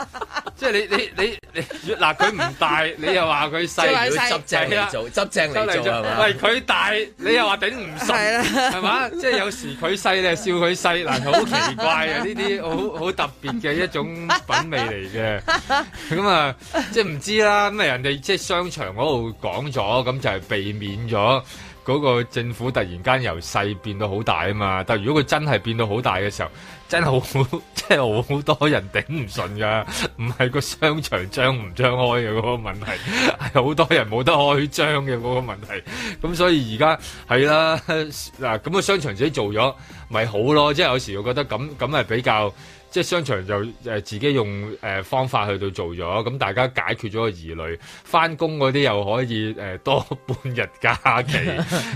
即係你你你你嗱，佢唔大，你又話佢細， 要執正嚟做，執正嚟做，喂，佢大，你又話頂唔順係嘛？即係有時佢細你笑佢細，嗱好奇怪啊！呢啲好好特別嘅一種品味嚟嘅，咁啊即係唔知啦。咁啊人哋即係商場嗰度講咗，咁就係避免咗嗰個政府突然間由細變到好大啊嘛。但係如果佢真係變到好大嘅時候，真係好，即係好多人頂唔順噶，唔係個商場張唔張開嘅嗰個問題，係好多人冇得開張嘅嗰個問題。咁所以而家係啦，嗱咁個商場自己做咗，咪好咯。即係有時我覺得咁咁係比較，即係商場就、呃、自己用、呃、方法去到做咗，咁大家解決咗個疑慮，翻工嗰啲又可以、呃、多半日假期，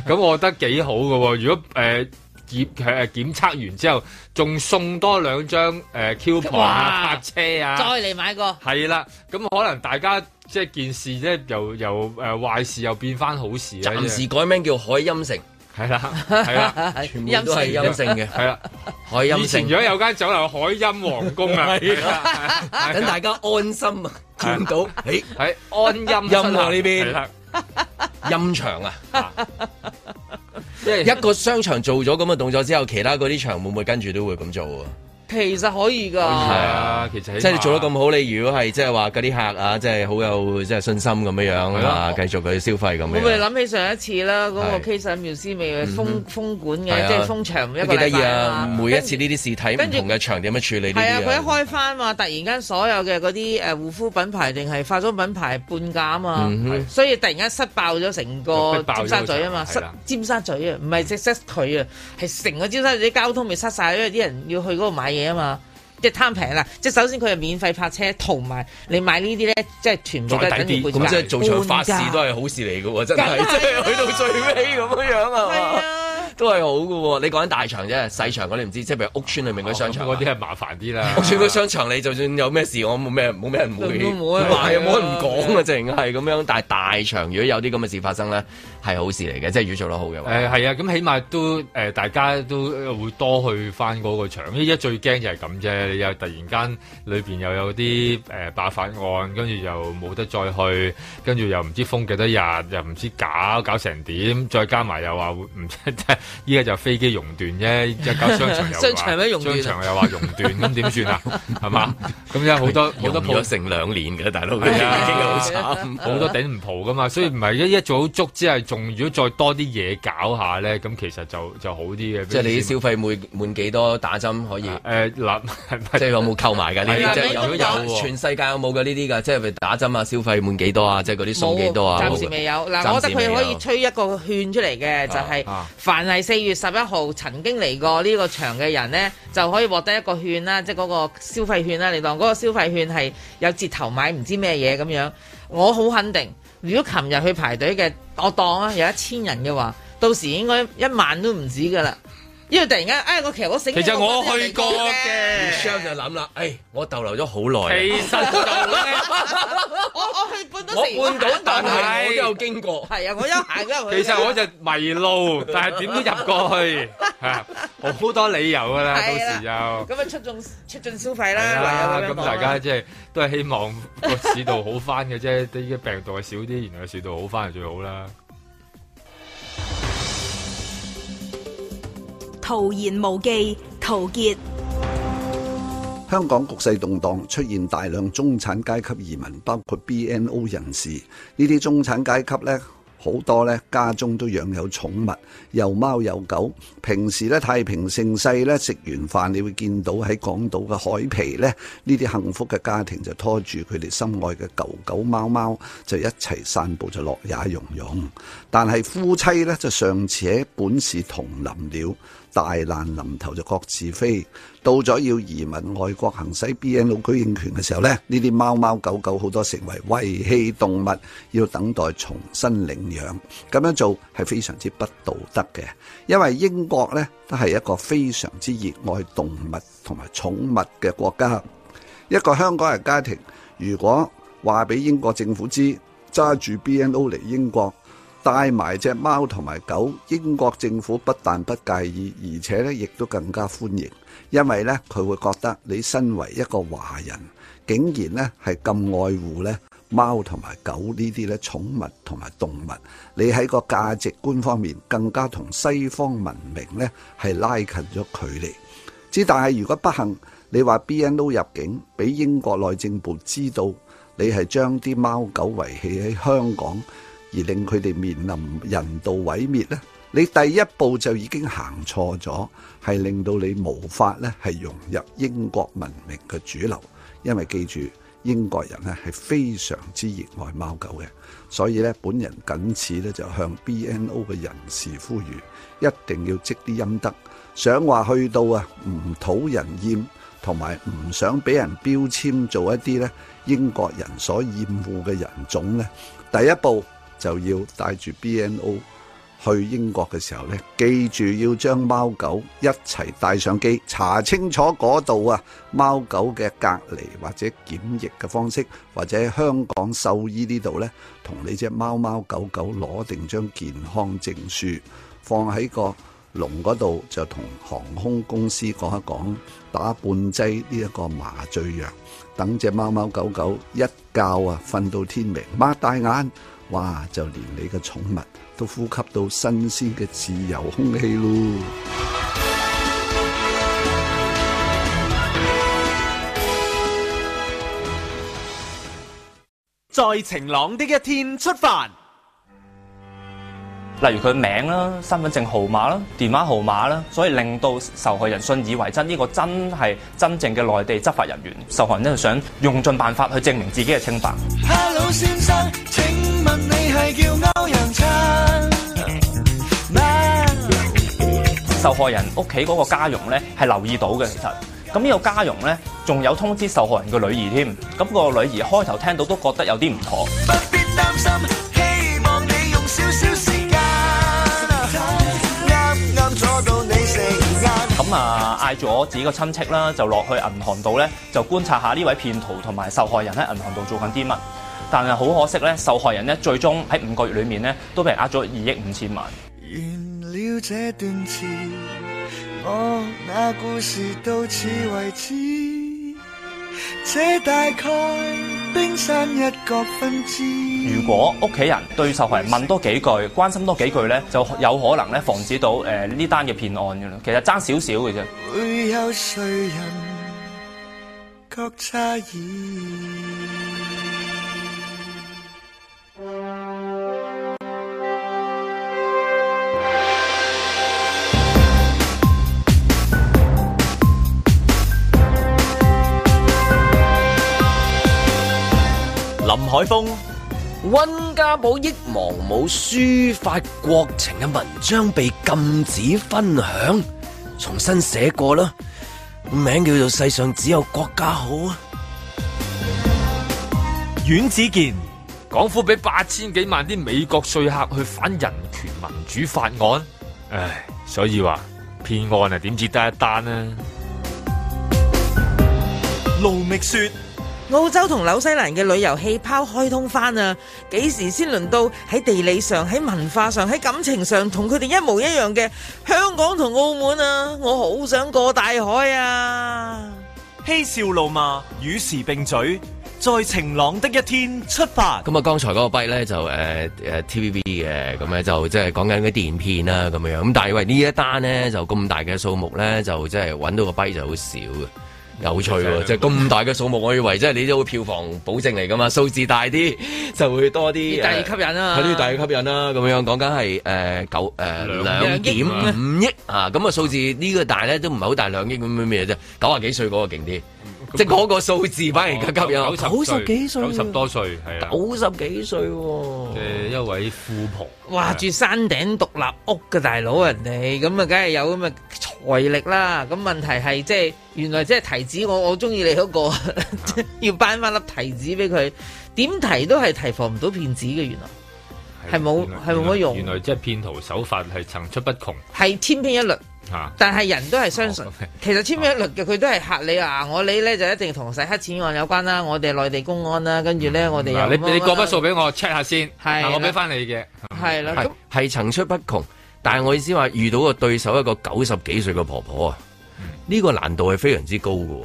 咁我覺得幾好喎。如果誒。呃檢誒檢測完之後，仲送多兩張誒 coupon 啊，泊車啊，再嚟買個係啦。咁可能大家即係、就是、件事咧，又又誒壞事又變翻好事啊，暫時改名叫海陰城，係啦係啦， 全部都係陰性嘅，係 啦對了。 海陰陰城如果有間間酒樓海陰皇宮啊，等 對了 大家安心啊，見 轉到誒喺、 哎、安陰陰啊，呢邊陰場啊。 即係一個商場做咗咁嘅動作之後，其他嗰啲場會唔會跟住都會咁做啊？其實可以噶，即係、啊、你做得咁好，你如果係即係話嗰啲客啊，即係好有即係信心咁樣樣啊，繼續去消費咁樣。我咪諗起上一次啦，嗰、啊那個 Kiss Meous 美嘅封封館嘅，即係、啊就是、封場一個場啊。每一次呢啲事體唔同嘅場點樣處理？係啊，佢一、啊、開翻嘛，突然間所有嘅嗰啲誒護膚品牌定係化妝品牌半價啊嘛，所以突然間塞爆咗成個、啊、尖沙咀啊嘛，塞尖沙咀是啊，唔係只塞佢啊，係成個尖沙咀啲交通咪塞晒，因為啲人要去嗰度買。嘢啊嘛，即係貪平啦！即係首先佢係免費泊車，同埋你買呢啲咧，即係全部都係等半價，咁即係做場法事都係好事嚟㗎喎，真係即係去到最尾咁樣啊嘛～ 都係好嘅喎、哦，你講緊大場啫，細場我哋唔知，即係譬如屋村裏面嗰啲商場，嗰啲係麻煩啲啦。屋村嗰啲商場你就算有咩事，我冇咩冇咩唔會冇冇冇人講嘅，淨係咁樣。但係大場如果有啲咁嘅事發生咧，係好事嚟嘅，即係如果做得好嘅話。誒、呃、係啊，咁起碼都誒、呃，大家都會多去返嗰個場。依家最驚就係咁啫，你又突然間裏邊又有啲誒爆發案，跟住又冇得再去，跟住又唔知封幾多日，又唔知搞搞成點，再加埋又話唔 依家就飛機熔斷啫，一搞商場又話 商場又話熔斷，咁點算啊？係嘛？咁 有好多，好多鋪咗成兩年嘅大佬，已經好慘，好 多頂唔蒲噶嘛。所以唔係一一做足之後，仲如果再多啲嘢搞一下咧，咁其實就就好啲嘅。即係你消費每滿滿幾多打針可以？誒、啊、嗱、呃啊啊，即係有冇購買㗎呢啲？ 即有，有全世界有冇㗎呢啲㗎？即係打針啊，消費滿幾多，嗰啲多啊？即係嗰啲送幾多啊？暫時未有。嗱、啊，我覺得佢可以吹一個勸出嚟嘅、就係，就係係。係四月十一號曾經嚟過呢個場嘅人呢，就可以獲得一個券啦，即係嗰個消費券啦。你當嗰個消費券係有折頭買唔知咩嘢咁樣。我好肯定，如果琴日去排隊嘅，我當啊有一千人嘅話，到時應該一萬都唔止噶啦。因為突然間，哎、我其實我，我其實我去過嘅，過的 Michelle、就諗啦，哎，我逗留咗好耐，其實 我我去半都半島，但係我都有經過，係啊，我一其實我就迷路， 但係點都入過去，係 啊，好多理由噶啦， 到時又候。咁 啊，促進促進消費啦。咁大家即、就、係、是、都係希望個市道好返嘅啫，啲 啲病毒係少啲，然後市道好返係最好啦。陶言無忌，陶傑。香港局勢動盪，出現大量中產階級移民，包括 BNO 人士。呢啲中產階級呢，好多呢家中都養有寵物，有貓有狗。平時呢，太平盛世呢，食完飯你會見到喺港島嘅海皮呢，呢啲幸福嘅家庭就拖住佢哋心愛嘅狗狗、貓貓，就一齊散步，就樂也融融。但係夫妻呢，就尚且本是同林鳥。大難臨頭就各自飛，到咗要移民外國行使 BNO 居英權嘅時候呢，呢啲貓貓狗狗好多成為遺棄動物，要等待重新領養。咁樣做係非常之不道德嘅，因為英國呢，都係一個非常之熱愛動物同埋寵物嘅國家。一個香港人家庭如果話俾英國政府知揸住 BNO 嚟英國，帶埋隻貓同埋狗，英國政府不但不介意，而且咧亦都更加歡迎，因為咧佢會覺得你身為一個華人，竟然咧係咁愛護咧貓同埋狗呢啲咧寵物同埋動物，你喺個價值觀方面更加同西方文明咧係拉近咗距離。之但係如果不幸你話 BNO 入境，俾英國內政部知道你係將啲貓狗遺棄喺香港。而令佢哋面臨人道毀滅咧，你第一步就已經行錯咗，係令到你無法咧係融入英國文明嘅主流。因為記住英國人咧係非常之熱愛貓狗嘅，所以咧本人僅此咧就向 BNO 嘅人士呼籲，一定要積啲陰德。想話去到啊唔討人厭，同埋唔想俾人標籤做一啲咧英國人所厭惡嘅人種咧，第一步。就要帶住 BNO 去英國嘅時候呢，記住要將貓狗一齊帶上機，查清楚嗰度啊貓狗嘅隔離或者檢疫嘅方式，或者香港獸醫呢度呢，同你隻貓貓狗狗攞定張健康證書，放喺個籠嗰度，就同航空公司講一講打半劑呢一個麻醉藥，等隻貓貓狗狗一覺啊瞓到天明，擘大眼。哇！就連你嘅寵物都呼吸到新鮮嘅自由空氣咯！在晴朗的一天出發。例如佢名啦、身份證號碼啦、電話號碼啦，所以令到受害人信以為真。呢個真係真正嘅內地執法人員。受害人就想用盡辦法去證明自己嘅清白。Hello，先生。問你係叫歐陽春咩？受害人屋企嗰個家傭咧，係留意到嘅。其實，咁、這、呢個家傭咧仲有通知受害人的女、那個女兒添，咁個女兒開頭聽到都覺得有啲唔妥。不必擔心，希望你用少少時間啱啱坐到你用少少啱啱到成咁啊，嗌咗我自己個親戚啦，就落去銀行度咧，就觀察下呢位騙徒同埋受害人喺銀行度做緊啲乜。但係好可惜咧，受害人呢，最終喺五個月裏面呢都被人呃咗二億五千萬完了。這段次我那故事到此為止。這大概冰山一角分支，如果屋企人對受害人問多幾句關心多幾句呢，就有可能呢防止到誒呢單嘅騙案嘅啦。其實爭少少嘅啫會有誰人各差異林海峰，溫家寶憶亡母抒發國情嘅文章被禁止分享，重新寫過啦。名叫做《世上只有國家好》啊。阮子健，港府俾八千幾萬啲美國稅客去反人權民主法案，唉，所以話騙案啊，點止得一單呢？盧覓雪。澳洲同紐西蘭嘅旅遊氣泡開通翻啊！幾時先輪到喺地理上、喺文化上、喺感情上同佢哋一模一樣嘅香港同澳門啊！我好想過大海啊！嬉笑怒罵與時並舉，在晴朗的一天出發。咁啊，剛才嗰個跛咧就誒誒 TVB 嘅，咁咧就即係講緊啲電騙啦，咁樣樣。咁但係喂呢一單呢，就咁大嘅數目咧，就即係揾到個跛就好少嘅。有趣喎，即係咁大嘅數目，我以為即係你都會票房保證嚟噶嘛，數字大啲就會多啲，第二吸引啦，係啲第二吸引啦，咁樣講緊係誒九誒兩點五億啊，咁、呃呃、啊、那個、數字呢個大咧都唔係好大，兩億咁樣咩啫，九啊幾歲嗰個勁啲。那個那個、即係嗰個數字反而更加急啊！九十幾歲，九十多歲，啊，九十幾歲嘅、啊啊、一位富婆哇，住山頂獨立屋嘅大佬人哋，咁啊，梗係有咁嘅財力啦、啊。咁問題係即係原來即係提子，我我中意你嗰、那個， 要頒翻粒提子俾佢，點提都係提防唔到騙子嘅，原來係冇係冇乜用。原來即係騙徒手法係層出不窮，係千篇一律。但係人都係相信，哦、okay，其實千篇一律嘅，佢、啊、都係吓你啊！我你咧就一定同洗黑錢案有關啦，我哋內地公安啦，跟住咧我哋有，你過筆給給你過筆數俾我 check 下先，係我俾翻你嘅，係啦，係層出不窮，但係我意思話遇到個對手一個九十幾歲嘅婆婆啊，呢、這個難度係非常之高嘅，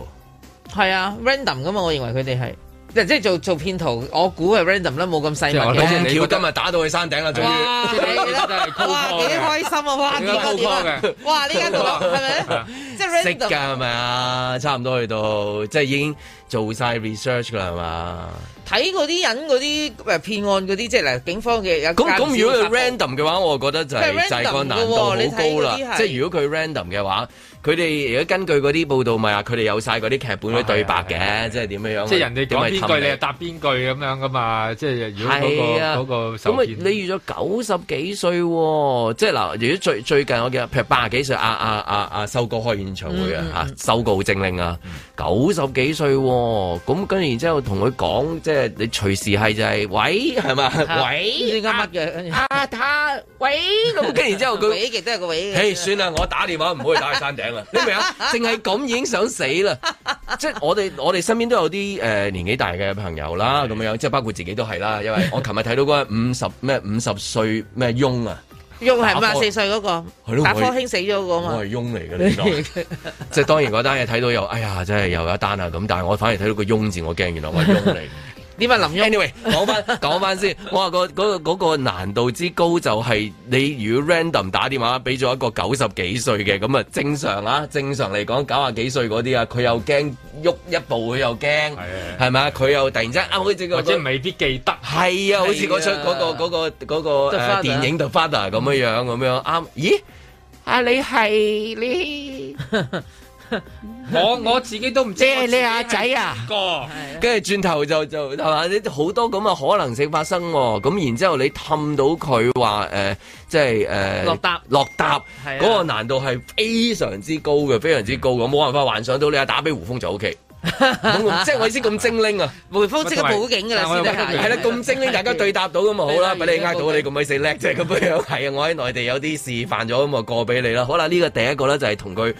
係啊，random 噶嘛，我認為佢哋係。是即係做做騙徒，我估係 random 啦，冇咁細密。你今日打到去山頂啦，終於！哇，幾 開心啊！哇，呢間誇哇，是是呢間到啦，係咪即係 random 㗎，係咪啊？差唔多去到，即係已經做晒 research 㗎啦，係嘛？睇嗰啲人嗰啲騙案嗰啲，即係警方嘅有。咁咁，如果佢 random 嘅話，我覺得就係、是、就係個難度好高啦。即係如果佢 random 嘅話。佢哋、哎、如果根據嗰啲報道，咪話佢哋有晒嗰啲劇本嘅對白嘅，即係點樣即係人哋講邊句又答邊句咁樣噶嘛？即係如果嗰咁你預咗九十幾歲？即係嗱，如果最最近我記得劈八十幾歲，阿阿阿阿修哥開演唱會啊，修哥好精靈啊，九十幾歲，咁、啊、跟住然之後同佢講，即、就、係、是、你隨時係就係喂，係嘛？喂，啱乜嘢？啊太喂，咁跟住然之後佢，喂，即係個 hey, 算啦，我打電話唔好去打喺山頂。 你明唔明？淨係咁已經想死啦！ 即係我哋我哋身邊都有啲誒、呃、年紀大嘅朋友啦，咁樣即係包括自己都係啦。因為我琴日睇到嗰個五十咩五十歲咩翁啊，翁係五十四歲嗰個，打科興死咗嗰個嘛。我係、嗰個、翁嚟嘅，你講 即係當然嗰單嘢睇到又哎呀，真係又有一單啊！咁但係我反而睇到個翁字，我驚原來我係翁嚟。 點解林？Anyway，講翻講翻先， 我話、那個嗰、那個嗰、那個、難度之高就係你如果 random 打電話俾咗一個九十幾歲嘅咁啊，正常啊，正常嚟講九啊幾歲嗰啲啊，佢又驚喐一步，佢又驚，係咪啊？佢又突然之間啱開始，或者未必記得，係、那個那個那個 uh, 嗯、啊，好似嗰出嗰個嗰個嗰個誒電影 The Father 咁樣樣咁樣啱？咦啊，你係你？ 我我自己都唔知、欸，你阿仔啊哥，跟住轉頭就就係嘛，好多咁嘅可能性發生、哦，咁然之後你氹到佢話誒，即係誒落搭，落搭，嗰、啊那個難度係非常之高嘅，非常之高嘅，冇、嗯、辦法幻想到你啊，打俾胡楓，就 O、OK、K。 那麼 即係我先咁精拎啊，回復即刻報警噶啦，係啦，咁精靈，大家對答到咁啊好啦，俾你呃到你咁鬼死叻，即係咁樣係啊！我喺內地有啲事犯咗咁啊，過俾你啦。好啦，呢、這個第一個咧就係同佢，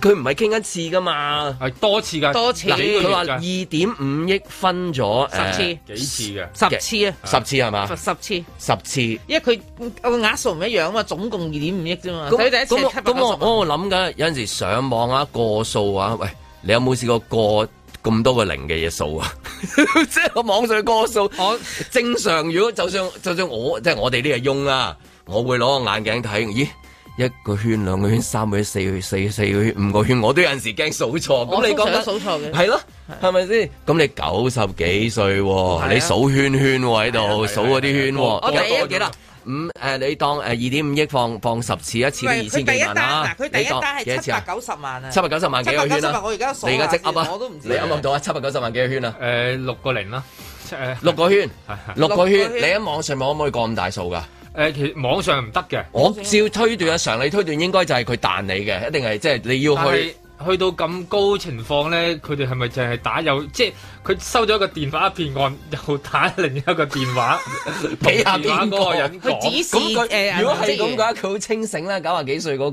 佢唔係傾一次噶嘛，係 多次噶，多次。佢話二點五億分咗十次，呃、幾次嘅十次啊，十次係嘛？十次，十次，十次十次因為佢個額數唔一樣啊嘛，總共二點五億啫嘛。佢第一次咁我我我諗緊有陣時上網啊，過數啊，喂。你有冇試過過咁多個零嘅嘢數啊？即係個網上過數。我正常如果，就算就算我，即係我哋呢個佣啊，我會攞個眼鏡睇。咦，一個圈、兩個圈、三個圈、四個、四四個圈、五個圈，我都有陣時驚數錯。咁你覺得數錯嘅係咯？係咪先？咁你九十幾歲，你數圈圈喎喺度數嗰啲圈。我計一幾啦。五誒，你當誒二點五億放放十次，一次二千幾萬啦。佢第一單嗱，佢第一單係七百九十萬？啊，七百九十萬幾、啊、個圈啊？我而家傻，你而家積噏啊？我都唔知你噏唔噏到啊？七百九十萬幾個圈啊？誒、呃，六個零啦、啊，七誒，六個圈，六個圈。個圈嗯、你喺網上網可唔可以過咁大數噶？誒、呃，其實網上唔得嘅。我照推斷啊，常理推斷應該就係佢彈你嘅，一定係即係你要去。去到咁高情況咧，佢哋係咪淨係打，又即係佢收咗一個電話一片案，又打另一個電話俾下邊嗰個人佢指示。咁佢誒，如果係咁嘅話，佢好清醒啦，九廿幾歲嗰、嗰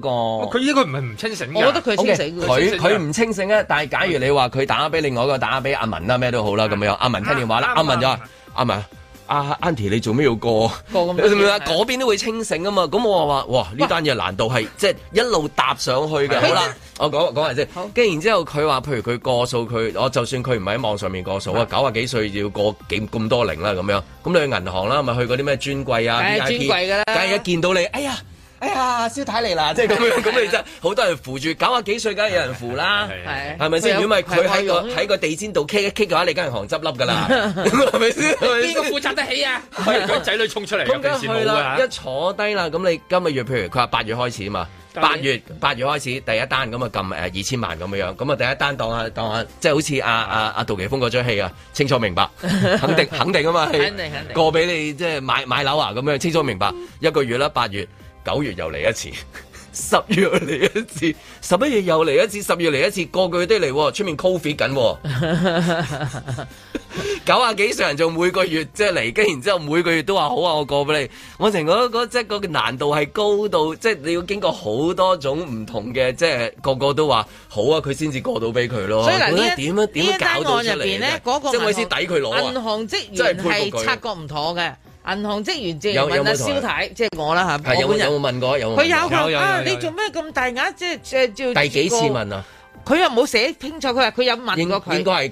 個。佢應該唔係唔清醒。我覺得佢清醒。佢，佢唔清醒啊！但係假如你話佢打俾另外一個，打俾阿文啦，咩都好啦，咁樣阿、啊啊、文聽電話啦，阿、啊啊啊、文咗阿、啊、文。啊文啊文啊 Anty，你做咩要過？嗰 邊都會清醒啊嘛！咁我話：哇，呢單嘢難度係即係一路搭上去嘅。好啦，我講講埋先。跟然之後，佢話：譬如佢過數，佢我就算佢唔係喺網上面過數啊，九十幾歲要過幾咁多零啦咁樣。咁你去銀行啦，咪去嗰啲咩專櫃啊？專櫃噶啦，梗係一見到你，哎呀！哎呀，肖太嚟啦！即係咁樣，咁你真係好多人扶住，九啊幾歲梗係有人扶啦，係咪先？如果唔係佢喺個喺個地氈度 K K 嘅話，你梗係行執笠噶啦，係咪先？邊個負責得起啊？係佢仔女湧出嚟嘅，平時冇嘅，一坐低啦，咁你今個月，譬如佢話八月開始啊嘛，八月八月開始第一單咁啊，撳誒二千萬咁樣樣，咁啊第一單當下當下，即係好似阿阿阿杜琪峰嗰齣戲啊，清楚明白，肯定肯定啊嘛，肯定肯定過俾你即係買買樓啊咁樣，清楚明白一個月啦，八月。九月又嚟一次，十 月嚟一次，十 一月又嚟一次，十月嚟一次，個個都嚟，出面 coffee 緊喎。緊，九啊幾歲人仲每個月即係嚟，跟、啊、 然之後每個月都話好啊，我過俾你，我成個嗰即嗰個難度係高到，即、就、係、是、你要經過好多種唔同嘅，即、就、係、是、個個都話好啊，佢先至過到俾佢咯。所以嗱，點樣點搞到出嚟即位先抵佢攞啊！銀、那個、行職、就是、員係察覺唔妥嘅。銀行職員即係問阿蕭太，太有有，即係我啦嚇，有冇問過？佢有，有問啊！有有有，你做咩咁大額？即係即係叫，叫第幾次問啊？佢又冇寫清楚，佢話佢有問過佢。應該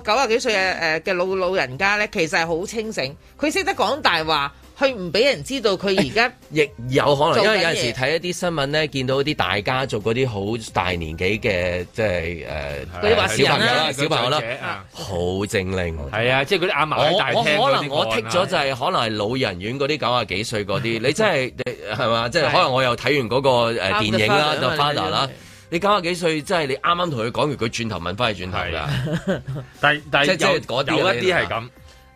九十幾歲嘅誒嘅老老人家咧，其實係好清醒，佢識得講大話，佢唔俾人知道佢而家亦有可能，因為有陣時睇一啲新聞咧，見到啲大家族嗰啲好大年紀嘅，即係誒嗰啲小朋友啦，小朋友啦，好精靈，係啊，啊，啊，即係嗰啲阿嫲喺大廳嗰啲。我我可能我剔咗就係可能係老人院嗰啲九啊幾歲嗰啲， 你真係係嘛？即係可能我又睇完嗰個誒電影啦，就 Father 啦 The。 你九十幾歲？即係你啱啱同佢講完，佢轉頭問翻佢轉頭啦。 但但即係有一啲係咁，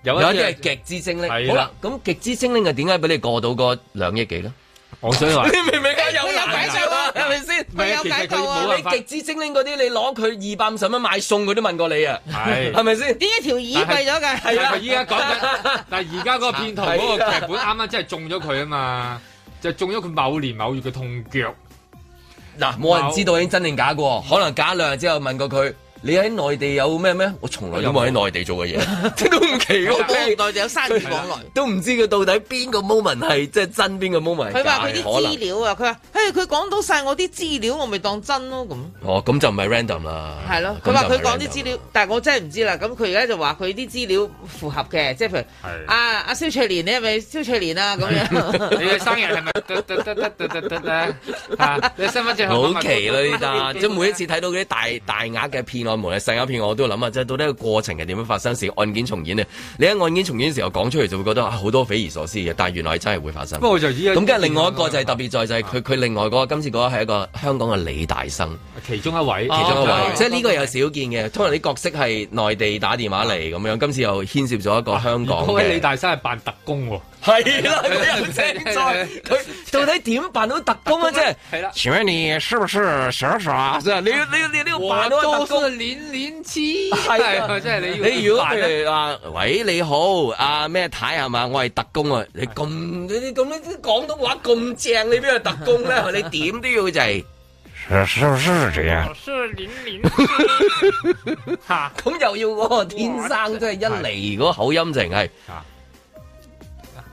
有一啲係極之精靈。好啦，咁極之精靈係點解俾你過到個兩億幾咧？我想話你明唔明有？有解救啊？係咪先？未有解救啊？極之精靈嗰啲，你攞佢二百五十蚊買餸，佢都問過你啊？係咪先？呢一條已廢咗㗎，係啊！依家講緊，但係而家嗰個片頭嗰個劇本啱啱真係中咗佢啊嘛， 就是中咗佢某年某月嘅痛腳。嗱，冇人知道已經是真定假嘅，可能假兩日之後問過佢。你喺內地有咩咩？我從來都冇喺內地做嘅嘢，有有 都唔奇怪、啊啊。內地有生意往來、啊，都唔知佢到底邊個 moment 係即係真，邊個 moment？佢話佢啲資料啊，佢話，佢講到晒我啲資料，我咪當真咯、啊、咁。哦，咁就唔係 random 啦。係咯，佢話佢講啲資料，但係我真係唔知啦。咁佢而家就話佢啲資料符合嘅，即係譬如啊，阿蕭翠蓮，你係咪蕭翠蓮啊？咁樣 你嘅生日係咪得得得得得得得啊？你身份證好奇咯，依家即每一次睇到嗰啲大大額嘅騙案。 冇，細鴉片我都諗下，即係到底個過程係點樣發生？事案件重演咧？你喺案件重演嘅時候講出嚟，就會覺得好、啊、多匪夷所思嘅，但係原來真係會發生。咁跟住另外一個就係特別在就係佢佢另外嗰個今次嗰個係一個香港嘅李大生，其中一位，啊、其中一位，即係呢個又少見嘅，通常啲角色係內地打電話嚟咁樣，今次又牽涉咗一個香港嘅、啊、李大生係扮特工。係 啦，佢又正菜，佢到底點扮到特工啊？即係，請問你是不是想啥子？你你你呢個扮到特工，係係真係你你如果啊，喂，你好，啊咩太係嘛？我係特工啊！你咁你咁啲廣東話咁正，你邊個特工咧？你點都要就係、是，是是不是林林，咁又要嗰個天生即係一嚟嗰、 那個、口音正、就、係、是。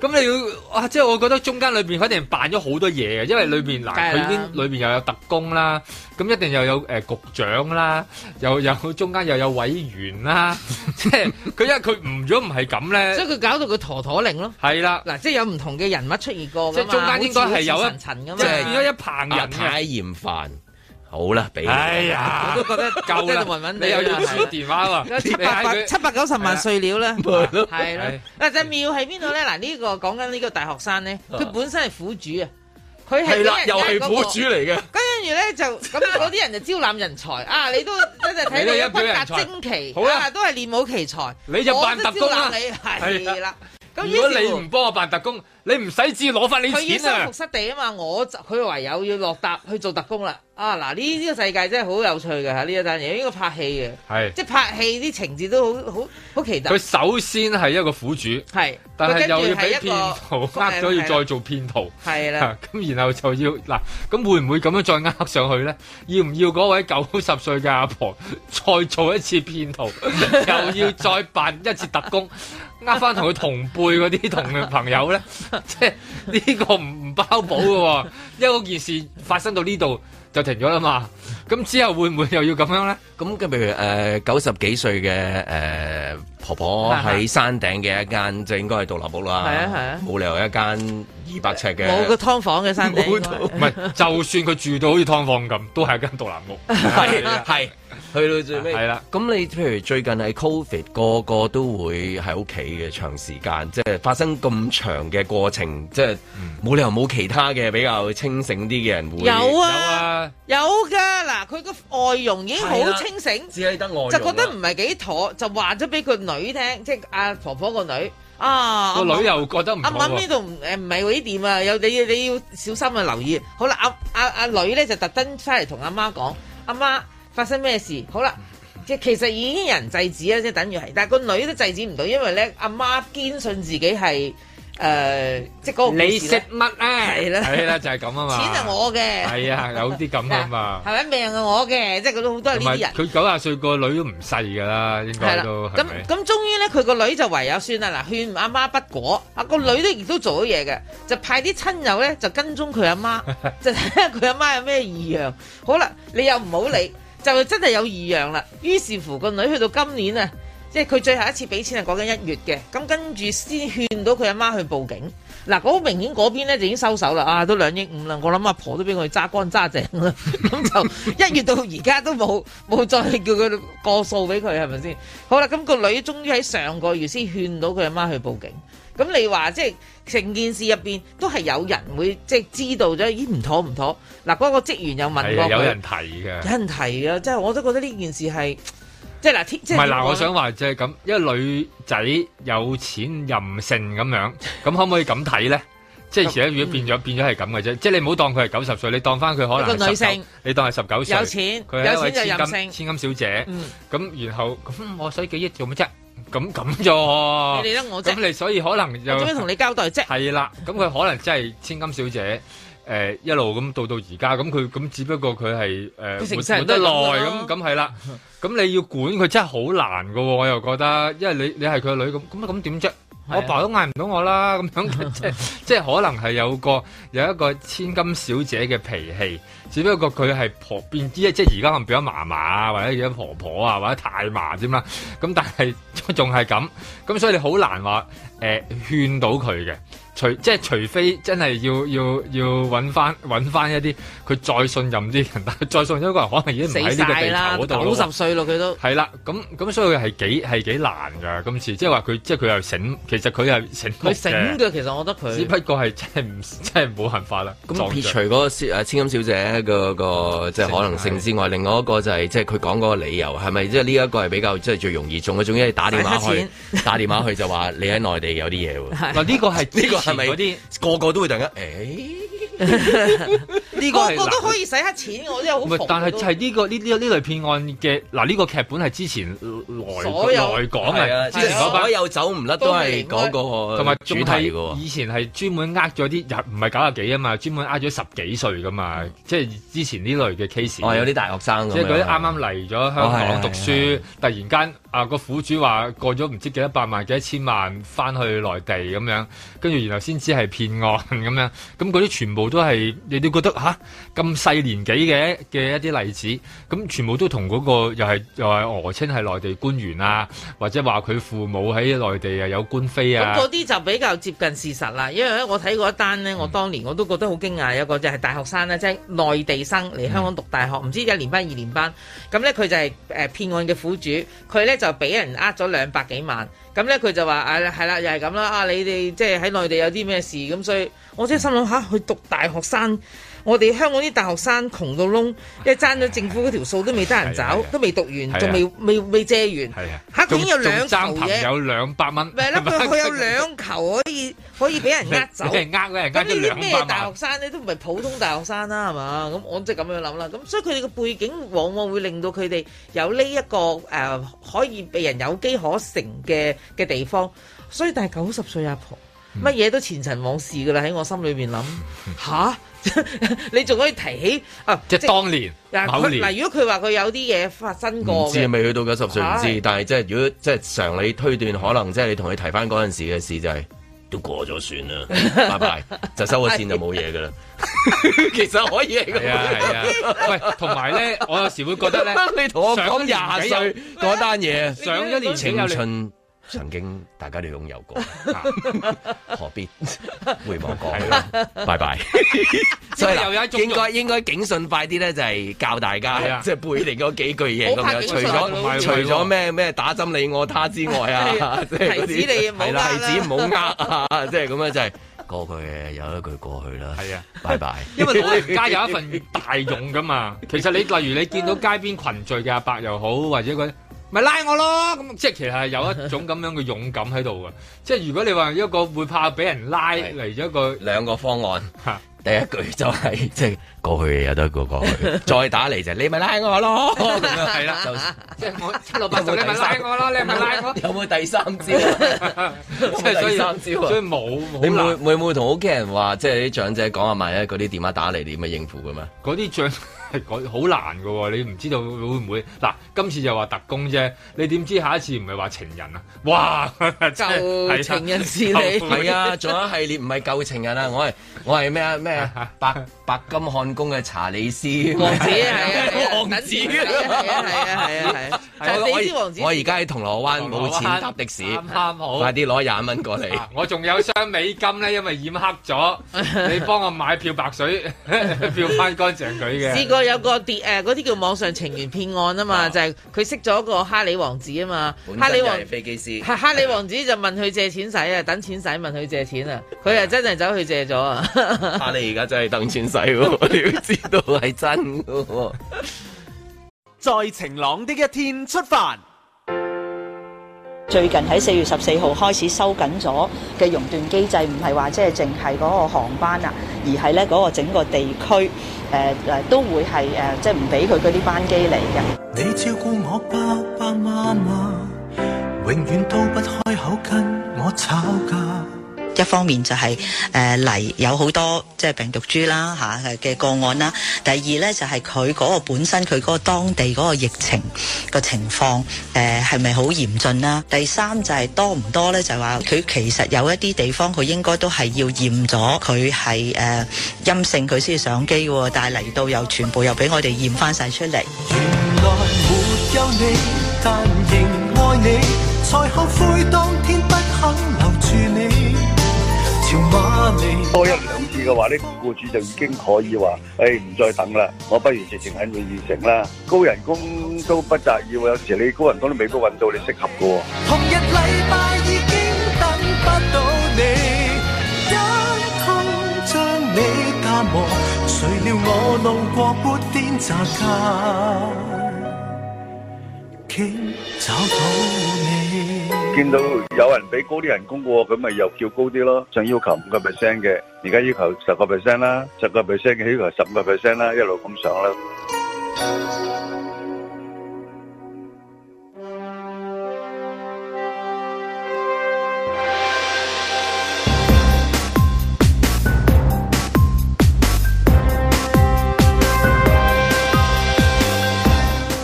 咁你要啊，即係我覺得中間裏面肯定扮咗好多嘢嘅，因為裏面，嗱、啊，佢、啊、已經裏面又有特工啦，咁一定又有誒、呃、局長啦，又有中間又有委員啦， 即係佢因為佢唔咗唔係咁咧，即係佢搞到佢陀陀令咯。係啦，嗱，即係有唔同嘅人物出現過嘅，即中間應該係有層層咁，即係咗一棚、就是、人、啊呃、太嫌煩。好啦，俾你。哎呀，我都覺得夠啦。你又要接電話喎？七百七百九十萬碎料啦，係咯。嗱，隻廟喺邊度咧？嗱，呢個講緊呢個大學生咧，佢本身係苦主啊，佢係又係苦主嚟嘅。跟住咧就咁啊，嗰啲人就招攬人才啊！你都真係睇到骨骼精奇啊，都係練武奇才。你就扮特工啦。係啦。如果你唔幫我辦特工，你唔使只攞翻你錢啊！佢要服失地啊嘛，我佢唯有要落搭去做特工啦。啊嗱，呢、這、呢個世界真係好有趣嘅吓，呢一單嘢應該拍戲嘅，係即係拍戲啲情節都好好好奇特。佢首先係一個苦主，係，但係又要俾騙徒呃咗，要再做騙徒，係啦。咁、啊、然後就要嗱，咁會唔會咁樣再呃上去咧？要唔要嗰位九十歲嘅阿婆再做一次騙徒， 又要再辦一次特工？ 呃翻同佢同輩嗰啲同朋友咧，即係呢個唔唔包保嘅，因為嗰件事發生到呢度就停咗啦嘛。咁之後會唔會又要咁樣咧？咁 譬如誒九十幾歲嘅誒婆婆喺山頂嘅一間就應該係獨立屋啦，係啊係啊，冇、啊啊、理由一間二百尺嘅冇個劏房嘅山頂，唔係 就算佢住到好似劏房咁，都係一間獨立屋，係係、啊。去到最尾係啦，咁你譬如最近係 Covid，個個都會喺屋企嘅，長時間即係發生咁長嘅過程，即係冇理由冇其他嘅比較清醒啲嘅人會。有啊，有啊，有噶。嗱，佢個外傭已經好清醒，只係得外傭就覺得唔係幾妥，就話咗俾個女聽，即係阿婆婆個女啊，個女又覺得阿媽呢度誒唔係幾掂啊，有你你要小心去留意。好啦，阿阿阿女咧就特登返嚟同阿媽講，阿媽。發生咩事？好啦，即係其實已經人制止啦，即係等於係，但係個女都制止唔到，因為咧阿媽堅信自己係誒、呃，即係嗰個。你食乜啊？係啦，係啦，就係咁啊嘛。錢係我嘅。係啊，有啲咁啊嘛。係咪命係我嘅？即係好多呢啲人。佢九廿歲，個女都唔細噶啦，應該都係咪？咁咁，終於咧，佢個女就唯有算啦。嗱，勸阿媽不果，啊、嗯、個女都亦都做咗嘢嘅，就派啲親友咧就跟蹤佢阿媽， 就睇下佢阿媽有咩異樣。好啦，你又唔好理。 就真係有異樣啦，於是乎個女去到今年啊，即係佢最後一次俾錢係講緊一月嘅，咁跟住先勸到佢阿媽去報警。嗱、啊，好明顯嗰邊咧就已經收手啦，啊都兩億五啦，我諗阿婆都俾佢揸乾揸淨啦，咁、 嗯、就一月到而家都冇冇再叫佢過數俾佢，係咪先？好啦，咁、嗯、個女終於喺上個月先勸到佢阿媽去報警，咁、嗯、你話即係？成件事入邊都係有人會即係知道咗，咦唔妥唔妥？嗱，嗰、那個職員又問過佢，有人提嘅，有人提嘅，即係我都覺得呢件事係，即係嗱，即係唔係嗱，我想話就係咁，因、就、為、是、女仔有錢任性咁樣，咁可唔可以咁睇咧？ 即係而家如果變咗變咗係咁嘅啫，即係你唔好當佢係九十歲，你當翻佢可能是 19, 女性，你當係十九歲有錢，有錢就任性，千金小姐，嗯，咁、嗯、然後咁、嗯、我洗幾億做咩啫？咁咁咋？咁你所以可能又點樣同你交代啫？係啦，咁佢可能真係千金小姐，誒一路咁到到而家，咁佢咁只不過佢係誒活活得耐咁，咁係啦。咁你要管佢真係好難㗎喎，我又覺得，因為你你係佢個女咁，咁啊咁點啫？我爸都嗌唔到了我啦，咁樣即係即係可能係有個有一個千金小姐嘅脾氣，只不過佢係旁邊啲即係而家可能變咗嫲嫲啊，或者變咗婆婆啊，或者太嫲啫嘛，咁但係仲係咁，咁所以你好難話誒勸到佢嘅。除即係除非真係要要要揾翻揾翻一啲佢再信任啲人，但係再信任一個人可能已經唔喺呢個地球嗰度啦。九十歲咯，佢都係啦。咁咁所以佢係幾係幾難㗎？今次即係話佢即係佢又醒，其實佢係醒。佢醒嘅，其實我覺得佢只不過係真係唔真係冇辦法啦。咁除嗰、嗰個啊、千金小姐、嗰個即係可能性之外，另外一個就係即係佢講嗰個理由係咪即係呢一個係比較即係、就係、最容易中嘅？仲要係打電話去錢錢打電話去 就話你喺內地有啲嘢喎。嗱呢個係呢個係咪嗰啲個個都會突然間？誒、欸，呢 個係個都可以使下錢，我都係好係，但係呢、這個呢啲呢類片案嘅嗱呢個劇本係之前來來港嘅、啊，之前是、啊那個、所有走唔甩都係講個同埋主題是以前係專門呃咗啲，唔係九廿幾啊嘛，專門呃咗十幾歲噶嘛，嗯、即係之前呢類嘅 case。哦，有啲大學生的，即係嗰啲啱啱嚟咗香港讀書，啊啊、突然間。啊！個苦主話過咗唔知幾多百萬幾多千萬翻去內地咁樣，跟住然後先知係騙案咁樣，咁嗰啲全部都係你都覺得吓咁細年紀嘅嘅一啲例子，咁全部都同嗰個又係又係訛稱係內地官員啊，或者話佢父母喺內地啊有官非啊。咁嗰啲就比較接近事實啦，因為咧我睇過一單呢。我當年我都覺得好驚訝，有個就係大學生呢，即係內地生嚟香港讀大學，唔知一年班二年班，咁咧佢就係誒騙案嘅苦主，佢咧。就俾人呃咗兩百幾萬，咁呢，佢就話：係啦，又係咁啦，啊，你哋即係喺內地有啲咩事，咁所以我真係心諗下、啊、去讀大學生。我哋香港啲大學生窮到窿，因為爭咗政府嗰條數都未得人走、哎，都未讀完，仲未未未借完，吓、哎、竟有兩球嘢，就是、有兩百蚊，係咯佢有兩球可以可以俾人呃走，即係呃嘅，咁你啲咩大學生咧都唔係普通大學生啦，係嘛？咁我即係咁樣諗啦。咁所以佢哋嘅背景往往會令到佢哋有呢、這、一個誒、uh, 可以俾人有機可乘嘅嘅地方。所以但係九十歲阿婆乜嘢都前塵往事噶啦，喺我心裏邊諗吓。嗯啊 你仲可以提起啊？即係當年、某年。嗱，如果佢話佢有啲嘢發生過，唔知未去到九十歲，唔知、啊。但係即係如果即係常理推斷，可能即係你同佢提翻嗰陣時嘅事，就是，就係都過咗算啦， 拜拜，就收咗線就冇嘢噶啦。 其實可以啊，係啊。喂，同埋咧，我有時會覺得咧，你同我講廿歲嗰單嘢， 上一年青春。 曾經大家都擁有過，啊、何必回望過去？拜拜！Bye bye 所以又有一種應該應該警訊快啲咧，就係教大家即係、就是、背嚟嗰幾句嘢。咁拍警訊，除咗咩咩打針你我他之外啊，即係提子你，係、就、啦、是，提子唔好呃啊！即係咁樣，就係、是就是、過去嘅有一句過去啦。係啊，拜拜！因為我哋而家有一份大用噶嘛。 其實你例如你見到街邊群聚嘅阿伯又好，或者佢。咪拉我咯，咁即係其實係有一種咁樣嘅勇敢喺度嘅，即係如果你話一個會怕俾人拉嚟咗個，兩個方案吓，第一句就係即係過去嘅嘢都過過去，再打嚟就你咪拉我咯，係啦，即係我七老八十你咪拉我咯，你咪拉我，有冇第三招？即係第三招啊？所以冇，你會會唔會同屋企人話，即係啲長者講下，萬一嗰啲電話打嚟，點去應付噶嘛？嗰啲長。係嗰好難噶，你唔知道會唔會嗱？今次就話特工啫，你點知道下一次唔係話情人啊？哇！就係、是、情人是你，係啊，仲有一系列唔係舊情人啊，我係我係咩啊咩？白白金漢宮嘅查理斯王子 啊，啊，王子係啊係啊係啊，啊，啊！我而家喺銅鑼灣冇錢搭的士，啱好，快啲攞廿蚊過嚟，我仲有箱美金咧，因為染黑咗， 你幫我買漂白水漂翻乾淨佢嘅。 有個跌誒，啲叫網上情緣騙案啊嘛，就係、是、佢識咗個哈利王子啊嘛，哈利王係飛機師，係哈利王子就問佢借錢使啊，等錢使問佢借錢啊，佢啊真係走去借咗啊！ 哈利而家真係等錢使，你都知道係真嘅。在晴朗的一天出發，最近喺四月十四號開始收緊咗嘅熔斷機制，唔係話即係淨係嗰個航班啊。而係咧，嗰個整個地區，誒、呃、誒都會係誒、呃，即係唔俾佢嗰啲班機嚟嘅。你照顧我爸爸媽媽，永遠都不開口跟我吵架。一方面就係誒嚟有好多即係病毒株啦嚇嘅、啊、個案啦，第二呢，就係佢嗰個本身佢嗰個當地嗰個疫情個情況誒係咪好嚴峻啦？第三就係、是、多唔多呢？就話佢其實有一啲地方佢應該都係要驗咗佢係誒陰性佢先上機嘅。但係嚟到又全部又俾我哋驗翻晒出嚟。原來沒有你，但仍愛你，才後悔當天不肯多一兩次嘅話咧，雇主就已經可以話，誒、哎、唔再等啦，我不如直情喺呢已成啦。高人工都不雜要，有時你高人工都未必揾到，到你適合嘅喎。一同將你見到有人俾高啲人工過，咁咪又叫高啲咯，想要求五個 percent 嘅，而家要求十個 percent 啦，十個 percent 嘅要求十五個 percent 啦，一路咁上啦。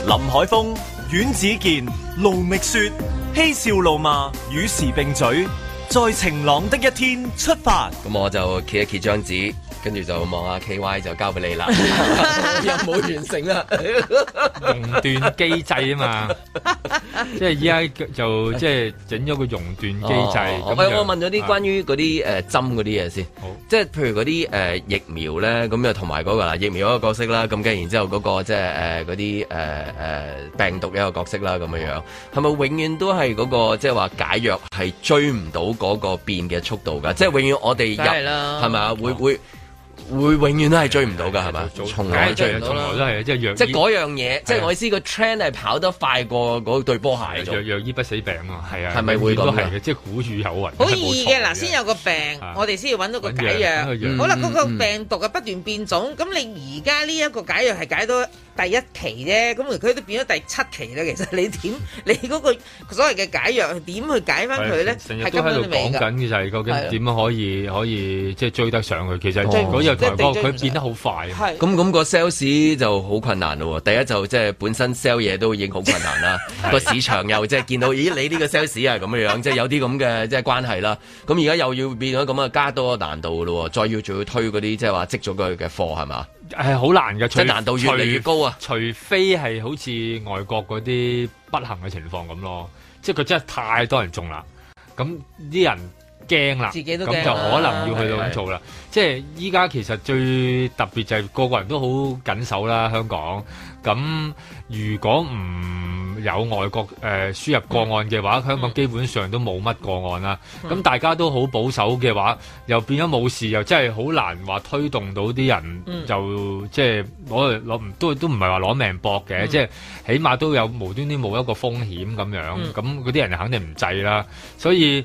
林海峰。阮子健，盧覓雪，嬉笑怒罵，與時並嘴。在晴朗的一天出發，咁我就揭一揭張紙。跟住就望下 K Y 就交俾你啦，又冇完成啦，熔斷機制啊嘛 ，即係依家就即係整咗個熔斷機制、哦哦哎。我我問咗啲關於嗰啲誒針嗰啲嘢先，即係譬如嗰啲、呃、疫苗咧，咁就同埋嗰個啦疫苗嗰個角色啦，咁跟然之後嗰、嗰個即係嗰啲病毒嘅一個角色啦，咁樣係咪永遠都係嗰、嗰個即係話解藥係追唔到嗰個變嘅速度㗎？即係永遠我哋入係咪啊？會會。會永遠都係追唔到噶，係嘛？從來追唔到啦，來都係即係即係嗰樣嘢，即係我意思個 train 係跑得快過嗰對波鞋。藥藥醫不死病啊，係啊，係咪會樣都係即係古語有云，好易嘅嗱，先有個病，我哋先要揾到個解藥。好啦，嗰、嗰個病毒啊不斷變種，咁、嗯嗯、你而家呢一個解藥係解到。第一期啫，咁佢都變咗第七期啦。其實你點你嗰個所謂嘅解藥點去解翻佢咧？成日都喺度講緊嘅就係究竟點樣可以可以即係、就是、追得上佢？其實嗰日台報佢、就是、變得好快，咁咁、個 sales 就好困難咯。第一就即係本身 sell 嘢都已經好困難啦。個 市場又即係見到，咦你呢個 sales 係咁樣樣，即 係有啲咁嘅即係關係啦。咁而家又要變咗咁啊，加多難度咯。再要仲要推嗰啲即係話積咗佢嘅貨係嘛？係好難嘅，除難度越嚟越高啊，除，除非係好似外國啲不幸嘅情況咁咯，即係佢真係太多人中啦，咁啲人。驚啦，自己都驚，咁就可能要去到咁做啦。是是即係依家其實最特別就係個個人都好緊守啦，香港。咁如果唔有外國誒輸入個案嘅話，嗯、香港基本上都冇乜個案啦。咁、嗯、大家都好保守嘅話，又變咗冇事，又真係好難話推動到啲人，嗯、就即係攞嚟攞唔都都唔係話攞命搏嘅，即係、嗯、起碼都有無端端冇一個風險咁樣。咁嗰啲人肯定唔制啦，所以。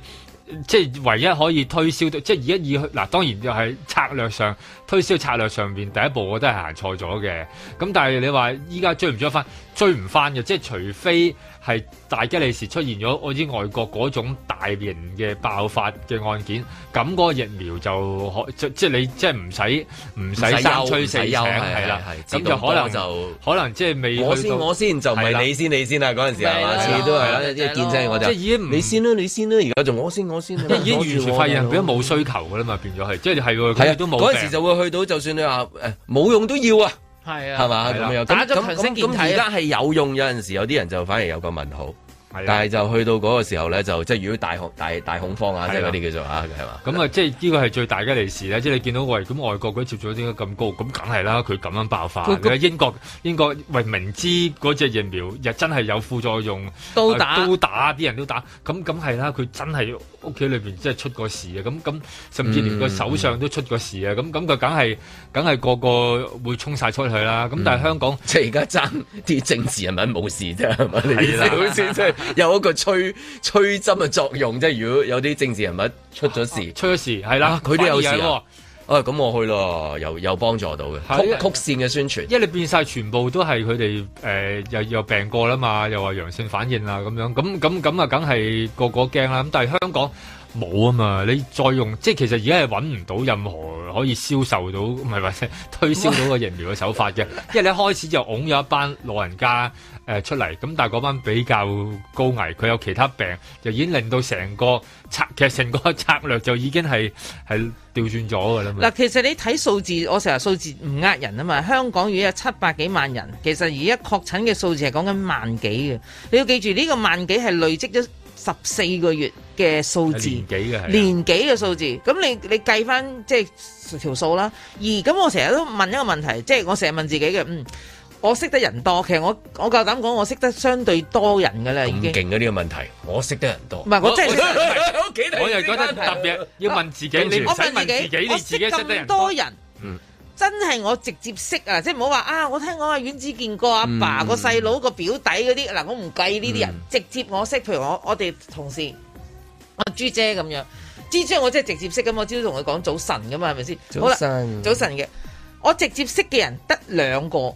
即係唯一可以推銷到，即係而家以嗱，當然就係策略上推銷策略上邊第一步我是了的，我都係行錯咗嘅。咁但係你話依家追唔追得翻？追唔翻嘅，即係除非。係大吉利是出現咗，我知外國嗰種大型嘅爆發嘅案件，咁嗰個疫苗就可即即你即係唔使唔使休，休吹死休係啦，咁、嗯、就可能就可能即係未我先我先就唔係你先你先啦嗰陣時啊，好似都係啦，即係見真我就即 已經你先啦你先啦而家就我先我先啦，即已經完全廢啊變咗冇需求噶啦嘛變咗係即係係喎，嗰、就、陣、是、時，時就會去到就算你話誒冇用都要啊。係啊，係嘛，咁又打咗強身健體，而家係有用，有陣時有啲人就反而有個問號。係，但係就去到嗰個時候咧，就即係如果大恐大大恐慌下，即係嗰啲叫做下嘅，係嘛。咁啊，即係呢個係最大嘅利是咧。即係你見到喂，咁外國佢啲接種點咁高，咁梗係啦，佢咁樣爆發嘅。英國英國喂，明知嗰隻疫苗又真係有副作用，都打都打，啲人都打，咁梗係啦，佢、啊、真係。屋企裏邊即係出過事啊！咁咁，甚至連個首相都出過事啊！咁、嗯、咁，佢梗係梗係個個會衝晒出去啦！咁但係香港、嗯、即係而家爭啲政治人物冇事啫，係、嗯、咪？呢好似即係有一個吹吹針嘅作用，即係如果有啲政治人物出咗事，出、啊、咗事係啦，佢都有事。啊咁、哎、我去咯，又又幫助到嘅曲曲線嘅宣傳，因為你變晒，全部都係佢哋誒又又病過啦嘛，又話陽性反應啦咁樣，咁咁咁啊，梗係個個驚啦。咁但係香港冇啊嘛，你再用即係其實而家係揾唔到任何可以銷售到，唔係唔係推銷到個疫苗嘅手法嘅， 因為你一開始就㧬咗一班老人家。誒出嚟咁，但係嗰班比較高危，佢有其他病，就已經令到成個策，其實成個策略就已經係係調轉咗㗎啦。嗱，其實你睇數字，我成日數字唔呃人啊嘛。香港如果有七百幾萬人，其實而家確診嘅數字係講緊萬幾嘅。你要記住呢個萬幾係累積咗十四個月嘅數字，年幾嘅年幾嘅數字。咁你你計翻即係條數啦。而咁我成日都問一個問題，即係我成日問自己嘅，嗯。我識得人多，其實我我，夠膽講，我，我識得相對多人㗎喇，已經。咁勁嘅呢個問題，我識得人多。唔係，我真係， 我又覺得特別要問自己，啊、你唔使問、啊、問自己，我識咁多人，人多嗯、真係我直接識啊！即係唔好話啊！我聽我阿丸子見過阿爸個細佬個表弟嗰啲嗱，我唔計呢啲人、嗯，直接我識，譬如我我哋同事阿朱姐咁樣，朱姐，姐我真係直接識㗎，我朝早同佢講早晨嘅嘛，係咪先？早晨，早晨嘅，我直接識嘅人得兩個。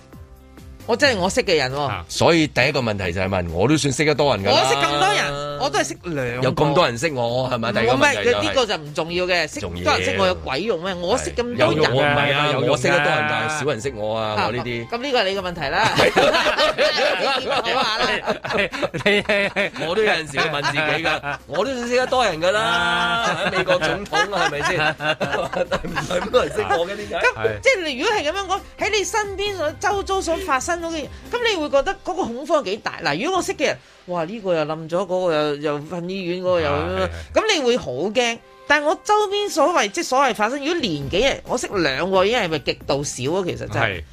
我真係我識嘅人喎，所以第一個問題就係問，我都算識得多人㗎。我識咁多人，我都係識兩。有咁多人識我係咪？第一個問題唔係呢個就唔重要嘅，識多人識我有鬼用咩？我識咁多人，我唔係啊，我識得多人但係少人識我啊，我呢啲。咁呢個係你嘅問題啦。我都有陣時會問自己㗎，我都算識得多人㗎啦。美國總統係咪先？咁多人識我嘅呢啲？咁即係如果係咁樣講，喺你身邊所周遭所發生。咁你會覺得嗰個恐慌幾大？嗱，如果我識嘅人，哇，呢、這個又冧咗，嗰、那個又又瞓醫院，嗰、那個又咁、啊、你會好驚。但係我周邊所謂即係所謂發生，如果年紀人，我識兩個已經係咪極度少啊？其實真係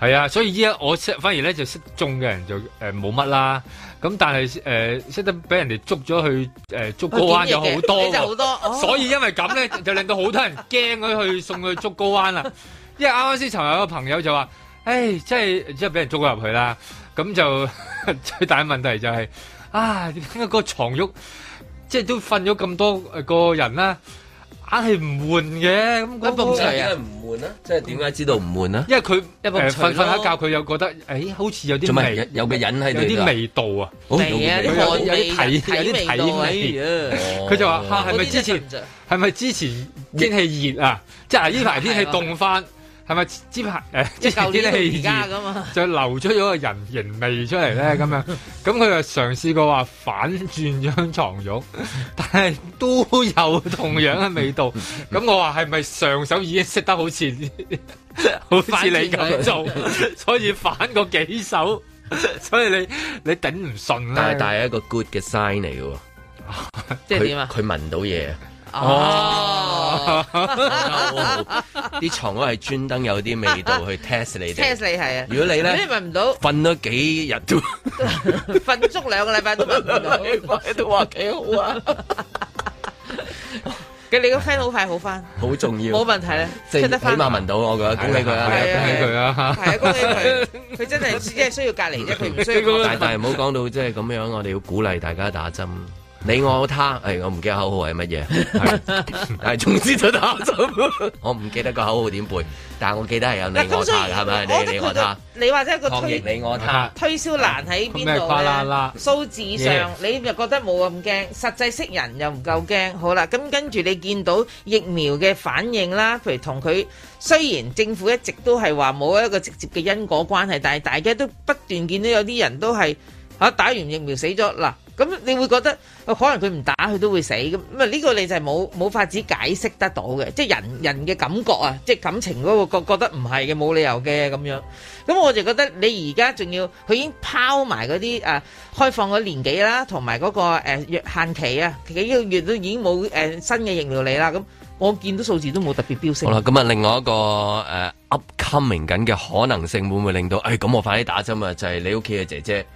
係啊，所以依家我識反而咧就識中嘅人就誒冇乜啦。咁但係誒、呃、識得俾人哋捉咗去誒、呃、竹篙灣就好多，好、哦、多。所以因為咁咧， 就令到好多人驚佢去 送佢去竹篙灣啦。因為啱啱先尋日個朋友就話。誒、哎，即係即係俾人捉咗入去啦，咁就最大嘅問題就係、是、啊，點解個床褥即係都瞓咗咁多個人啦，硬係唔換嘅，咁嗰鋪床點解唔換啊？即係點解知道唔換啊？因為佢一瞓瞓下覺，佢又、呃、覺得誒、哎，好似有啲味，有個人喺度有啲味道啊，好啊有啲味，有啲體有啲體味啊，佢、哦、 就話吓，係、啊、咪之前係咪之前天氣熱啊？即係呢排天氣凍翻。係咪即係誒即係舊年而家噶啊，就流出咗個人形味出嚟咧，咁樣咁佢又嘗試過話反轉張床褥，但係都有同樣嘅味道。咁 我話係咪上手已經識得好似 好似你咁做， 所以反過幾手，所以你你頂唔順啦。但係一個 good 嘅 sign 嚟喎， 即係點啊？佢聞到嘢。哦，啲、哦啊啊啊啊啊嗯啊啊、床都係專登有啲味道去 test 你，test 你係啊。如果你咧，聞唔到，瞓咗幾日都，瞓 足兩個禮拜都聞唔到，都話幾好 啊。你個 friend 好快好翻，好重要，冇問題咧，即係起碼聞到，我覺得，恭喜佢啊，恭喜佢啊，係恭喜佢。佢真係自己係需要隔離，即係佢唔需要。但係唔好講到即係咁樣，我哋要鼓勵大家打針。你我他，誒，我唔記得口號係乜嘢，係總之就打針。我唔記得個口號點背，但我記得係有你我他噶，係咪？你我他，你或者個推推銷難喺邊度咧？數字上，你就覺得冇咁驚，實際識人又唔夠驚。好啦，咁跟住你見到疫苗嘅反應啦，譬如同佢雖然政府一直都係話冇一個直接嘅因果關係，但係大家都不斷見到有啲人都係吓打完疫苗死咗嗱。咁你會覺得可能佢唔打佢都會死，咁咁啊，呢個你就係冇冇法子解釋得到嘅，即係人人嘅感覺啊，即係感情嗰個覺得唔係嘅，冇理由嘅咁樣。咁我就覺得你而家仲要佢已經拋埋嗰啲誒開放嘅年紀啦，同埋嗰個誒限期啊，幾個月都已經冇誒新嘅疫苗嚟啦。咁我見到數字都冇特別飆升。好啦，咁啊另外一個誒 upcoming 緊嘅可能性會唔會令到誒咁我快啲打針啊？就係你屋企嘅姐姐。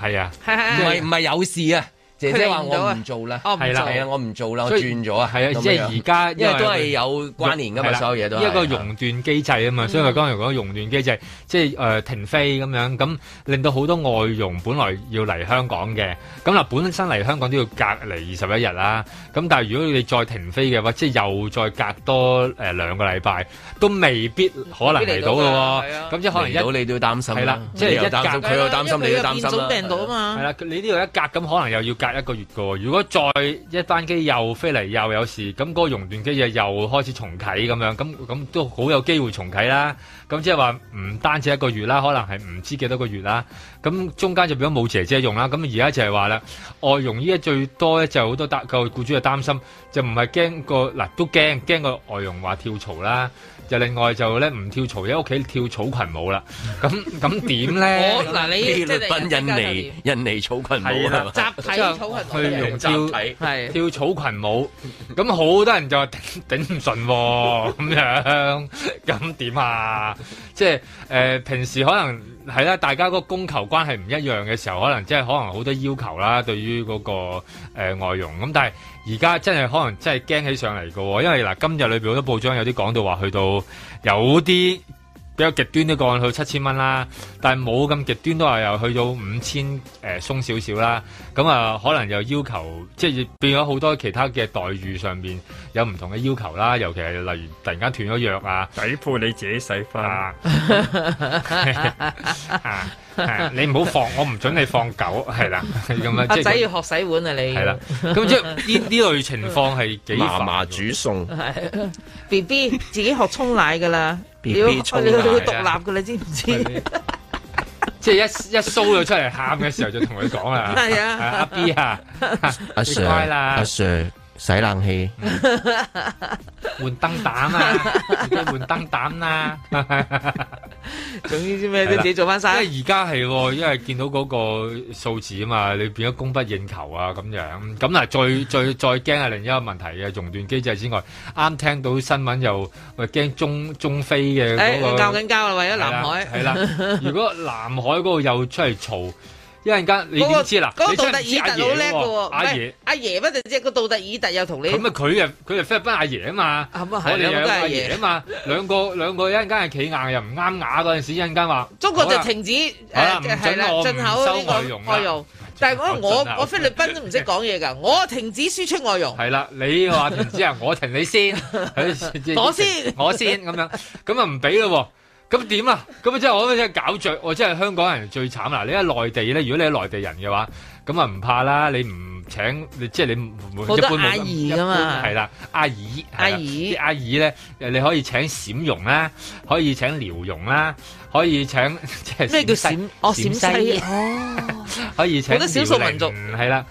係啊。 唔係，唔係唔係有事啊！姐姐話我唔做啦，係啦，係啊，我唔做啦，我轉咗啊，係啊，即係而家，因為都係有關聯㗎嘛，所有嘢都係一個熔斷機制啊嘛、嗯，所以我剛才講熔斷機制，即、就、係、是呃、停飛咁樣，咁令到好多外傭本來要嚟香港嘅，咁嗱本身嚟香港都要隔離二十一日啦，咁但係如果你再停飛嘅話，即、就、係、是、又再隔多誒兩個禮拜，都未必可能嚟到咯，咁即係可能嚟到你都要擔心、啊，係啦，即係又擔心佢又擔心，你都擔心啦，係啦，你呢度、啊、一隔咁可能又要隔。一個月噶，如果再一班機又飛嚟又有事，咁嗰個熔斷機又開始重啟咁樣，咁咁都好有機會重啟啦。咁即係話唔單止一個月啦，可能係唔知幾多個月啦。咁中間就變咗冇姐姐用啦。咁而家就係話啦，外傭依家最多咧就好多得個僱主又擔心，就唔係驚個嗱都驚驚個外傭話跳槽啦。就另外就咧唔跳槽，喺屋企跳草裙舞啦。咁咁點咧？我嗱、 哦、你菲律賓印尼印尼草裙舞係嘛？紮上去用招體跳，跳草裙舞。咁 好多人就話頂唔順喎，咁樣咁點啊？即係誒、呃，平時可能。係啦，大家個個供求關係唔一樣嘅時候，可能真係可能好多要求啦，對於嗰、那個誒、呃、外傭咁。但係而家真係可能真係驚起上嚟嘅喎，因為嗱、呃、今日裏面好多報章有啲講到話，去到有啲。比較極端都降去七千蚊啦，但係冇咁極端都係又去到五千，誒鬆少少啦。咁啊、嗯，可能又要求即係變咗好多其他嘅待遇上面有唔同嘅要求啦，尤其係例如突然間斷咗藥啊，底褲你自己洗花、啊。 啊 啊、你唔好放，我唔准你放狗，係啦，阿仔要學洗碗啊你，你係啦，咁即呢呢類情況係幾麻麻煮餸，B B 自己學沖奶噶啦，B B 沖奶獨立噶你知唔知？ 即係一一騷咗出嚟喊嘅時候就，就同佢講啦，係 啊，阿 B 啊，阿 Sir，啦，阿 Sir，、啊啊啊、洗冷氣，換燈膽啊，換燈膽啊。 」仲 之啲咩？都自己做翻晒。而家係，因為見到嗰個數字啊嘛，你變咗供不應求啊，咁樣。咁嗱，再再再驚係另一個問題嘅熔斷機制之外，啱聽到新聞又驚中中菲嘅、那個。誒、欸，鬧緊交啦，為咗南海。係啦， 如果南海嗰個又出嚟嘈。一陣間你點知啦？嗰、那個杜、那個、特爾特好叻嘅，阿爺阿爺不定即係個杜特爾特又同你咁啊？佢啊佢啊，啊、那個、爾爾菲律賓阿爺啊爺嘛，嗯、我哋兩個阿爺啊，爺啊爺嘛，兩個兩 個，個一陣間係企硬又唔啱牙嗰陣時，一陣間話中國就停止，係啦進口，用進口進 外用，外容但係我我我菲律賓都唔識講嘢噶，我停止輸出外容係啦，你話停止啊，我停你先， 我先 我先咁樣，咁啊唔俾咯。咁 點啊？咁即係我真係搞最，我真係香港人最慘啦！你喺內地咧，如果你係內地人嘅話，咁啊唔怕啦。你唔請，即係你唔好、就是、多阿姨噶嘛，係啦，阿姨，阿姨啲阿姨咧，你可以請閃容啦，可以請遼容啦，可以請咩叫閃？哦，陝西、哦、 可以請。好多少數民族係啦，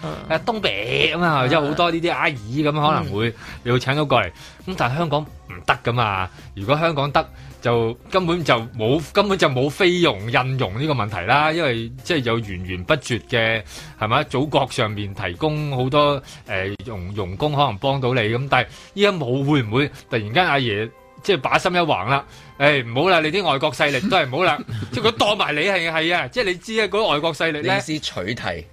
東北咁啊，即係好多呢啲阿姨咁可能會你要請咗過嚟。咁、嗯、但係香港唔得噶嘛，如果香港得。就根本就冇根本就冇菲傭印傭呢個問題啦，因為即係有源源不絕嘅係咪？祖國上面提供好多誒、呃、傭傭工可能幫到你咁，但係依家冇會唔會突然間阿爺即係、就是、把心一橫啦？誒唔好啦，你啲外國勢力都係唔好啦，即係佢當埋你係係啊，即、就、係、是、你知啊嗰外國勢力咧是取締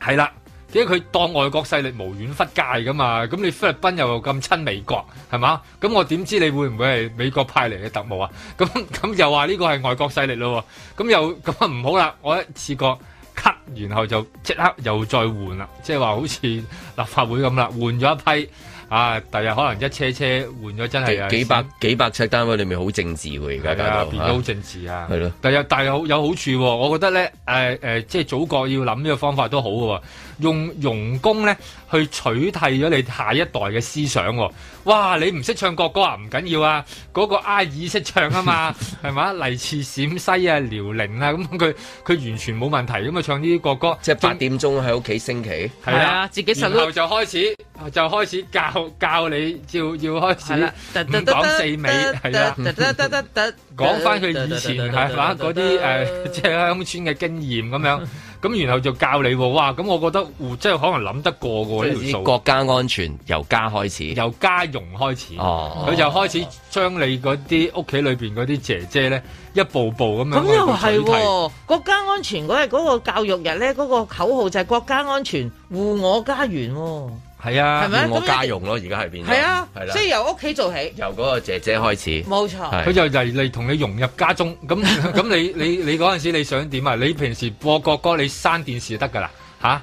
係啦。即係佢當外國勢力無遠弗屆噶嘛，咁你菲律賓又咁親美國，係嘛？咁我點知你會唔會係美國派嚟嘅特務啊？咁咁又話呢個係外國勢力咯？咁又咁啊唔好啦！我一次過 cut，然後就即刻又再換啦，即係話好似立法會咁啦，換咗一批啊！第日可能一車車換咗，真係幾百幾百尺單位裏面好政治㗎，而家搞到變到好政治啊！係咯、啊啊啊，但又但好有好處、啊，我覺得咧誒誒，即係祖國要諗呢個方法都好嘅、啊。用容功咧去取替咗你下一代嘅思想、哦，哇！你唔識唱國歌啊？唔緊要啊，嗰個阿爾識唱啊嘛，係 嘛？嚟自陝西啊、遼寧啊，咁佢佢完全冇問題，咁啊唱啲國歌。即係八點鐘喺屋企升旗，係啊，啊，自己實。然後就開始就開始教教你，要要開始啦，五講四美，係啦、啊，講翻佢以前係嘛嗰啲誒，即係鄉村嘅經驗咁樣。咁然後就教你喎，哇！咁我覺得即係可能諗得過嗰條數。國家安全由家開始，由家傭開始。哦，佢就開始將你嗰啲屋企裏面嗰啲姐姐咧，一步步咁樣。咁、嗯、又係、哦、國家安全嗰日嗰個教育日咧，嗰、那個口號就係國家安全，護我家園、哦。係啊，是要我家用咯，而家係變。係啊，所以、啊啊、由屋企做起，由嗰個姐姐開始。冇錯，佢就嚟嚟同你融入家中。咁咁 你你你嗰陣時你想點啊？你平時播國歌，你閂電視就得噶啦，吓、啊！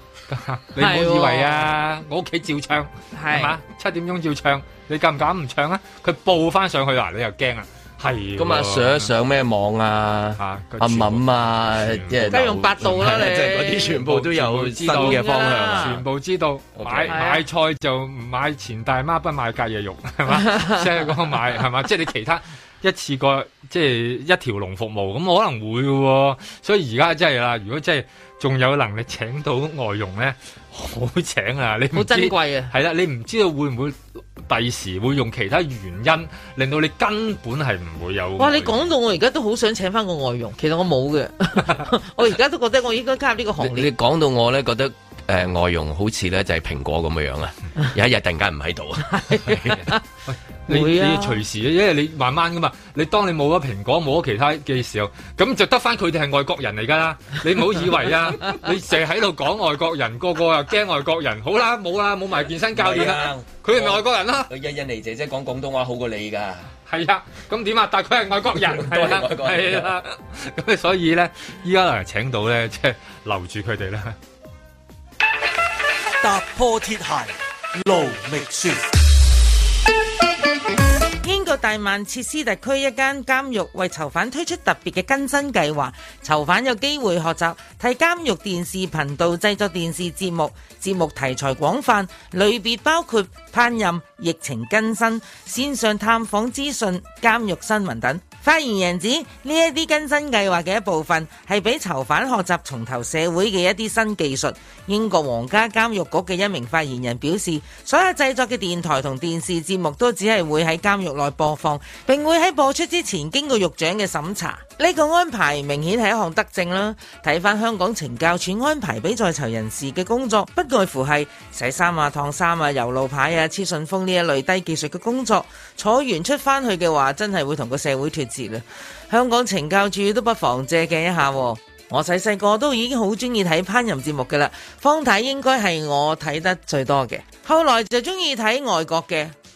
你唔好以為啊， 我屋企照唱，係 嘛、啊？七點鐘照唱，你敢唔敢唔唱啊？佢報翻上去啊，你又驚啊？係咁啊上一上咩網啊阿敏啊，即係、啊就是、用百度啦、啊、你，即係嗰啲全部都有新嘅方向、啊，全部知道。知道啊、買買菜就買錢大媽，不買隔夜肉，係 嘛？即係講買係嘛？即 係、就是、你其他一次過即係、就是、一條龍服務，咁可能會喎、哦。所以而家真係啦，如果真係仲有能力請到外傭咧。好請啊！你好珍貴啊！係啦，你唔知道會唔會第時會用其他原因令到你根本係唔會有。哇！你講到我而家都好想請翻個外傭，其實我冇嘅。 我而家都覺得我應該加入呢個行列。你講到我咧，覺得。誒、呃，外傭好似咧就係、是、蘋果咁嘅樣啊，有一日突然間唔喺度啊，會啊，你隨時，因為你慢慢噶嘛，你當你冇咗蘋果，冇咗其他嘅時候，咁就得翻佢哋係外國人嚟噶啦，你唔好以為啊，你成日喺度講外國人，個個又驚外國人，好啦，冇啦，冇埋健身教練啦，佢哋、啊、係外國人啦，印尼姐姐講廣東話好過你噶，係啊，咁點啊？但係佢係外國人，係啦，咁、啊啊、所以咧，依家嚟請到咧，即、就、係、是、留住佢哋啦。踏破鐵鞋路未雪。英國大曼切斯特徹區一間監獄為囚犯推出特別嘅更新計劃，囚犯有機會學習替監獄電視頻道製作電視節目，節目題材廣泛，類別包括烹飪。疫情更新、線上探訪資訊、監獄新聞等。發言人指呢一啲更新計劃嘅一部分係俾囚犯學習重投社會嘅一啲新技術。英國皇家監獄局嘅一名發言人表示，所有製作嘅電台同電視節目都只係會喺監獄內播放，並會喺播出之前經過獄長嘅審查。呢、這個安排明顯係一項德政啦。睇翻香港懲教署安排俾在囚人士嘅工作，不外乎係洗衫啊、燙衫啊、油路牌啊、黐信封呢一類低技術嘅工作。坐完出翻去嘅話，真係會同個社會脫節啦。香港懲教署都不妨借鏡一下、啊。我細細個都已經好中意睇烹飪節目噶啦，方太應該係我睇得最多嘅。後來就中意睇外國嘅。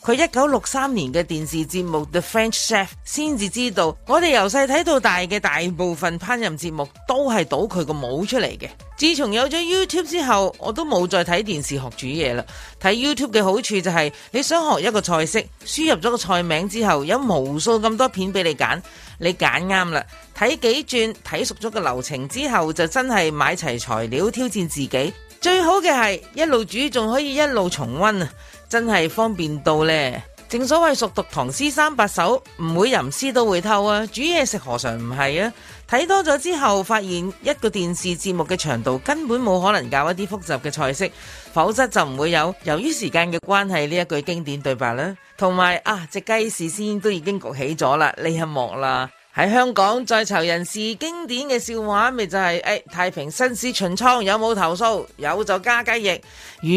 佢一九六三年嘅電視節目 The French Chef 先至知道，我哋由細睇到大嘅大部分烹飪節目都係倒佢個帽出嚟嘅。自從有咗 YouTube 之後，我都冇再睇電視學煮嘢啦。睇 YouTube 嘅好處就係你想學一個菜式，輸入咗個菜名之後，有無數咁多片俾你揀，你揀啱啦。睇幾轉，睇熟咗個流程之後，就真係買齊材料挑戰自己。最好嘅係一路煮，仲可以一路重溫啊！真係方便到呢。正所謂熟讀唐詩三百首，唔會吟詩都會偷啊！煮嘢食何嘗唔係啊？睇多咗之後，發現一個電視節目嘅長度根本冇可能教一啲複雜嘅菜式，否則就唔會有由於時間嘅關係，呢一句經典對白啦，同埋啊，隻雞事先都已經焗起咗啦，呢一幕啦。喺香港在囚人士經典嘅笑話咪就係、是，誒、哎、太平紳士巡倉有冇投訴？有就加雞翼。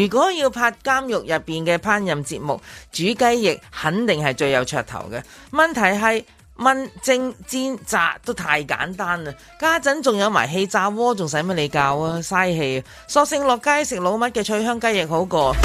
如果要拍監獄入邊嘅烹飪節目，煮雞翼肯定係最有噱頭嘅。問題係炆蒸煎炸都太簡單啦，家陣仲有埋氣炸鍋，仲使乜你教啊？嘥氣、啊，索性落街食老麥嘅脆香雞翼好過。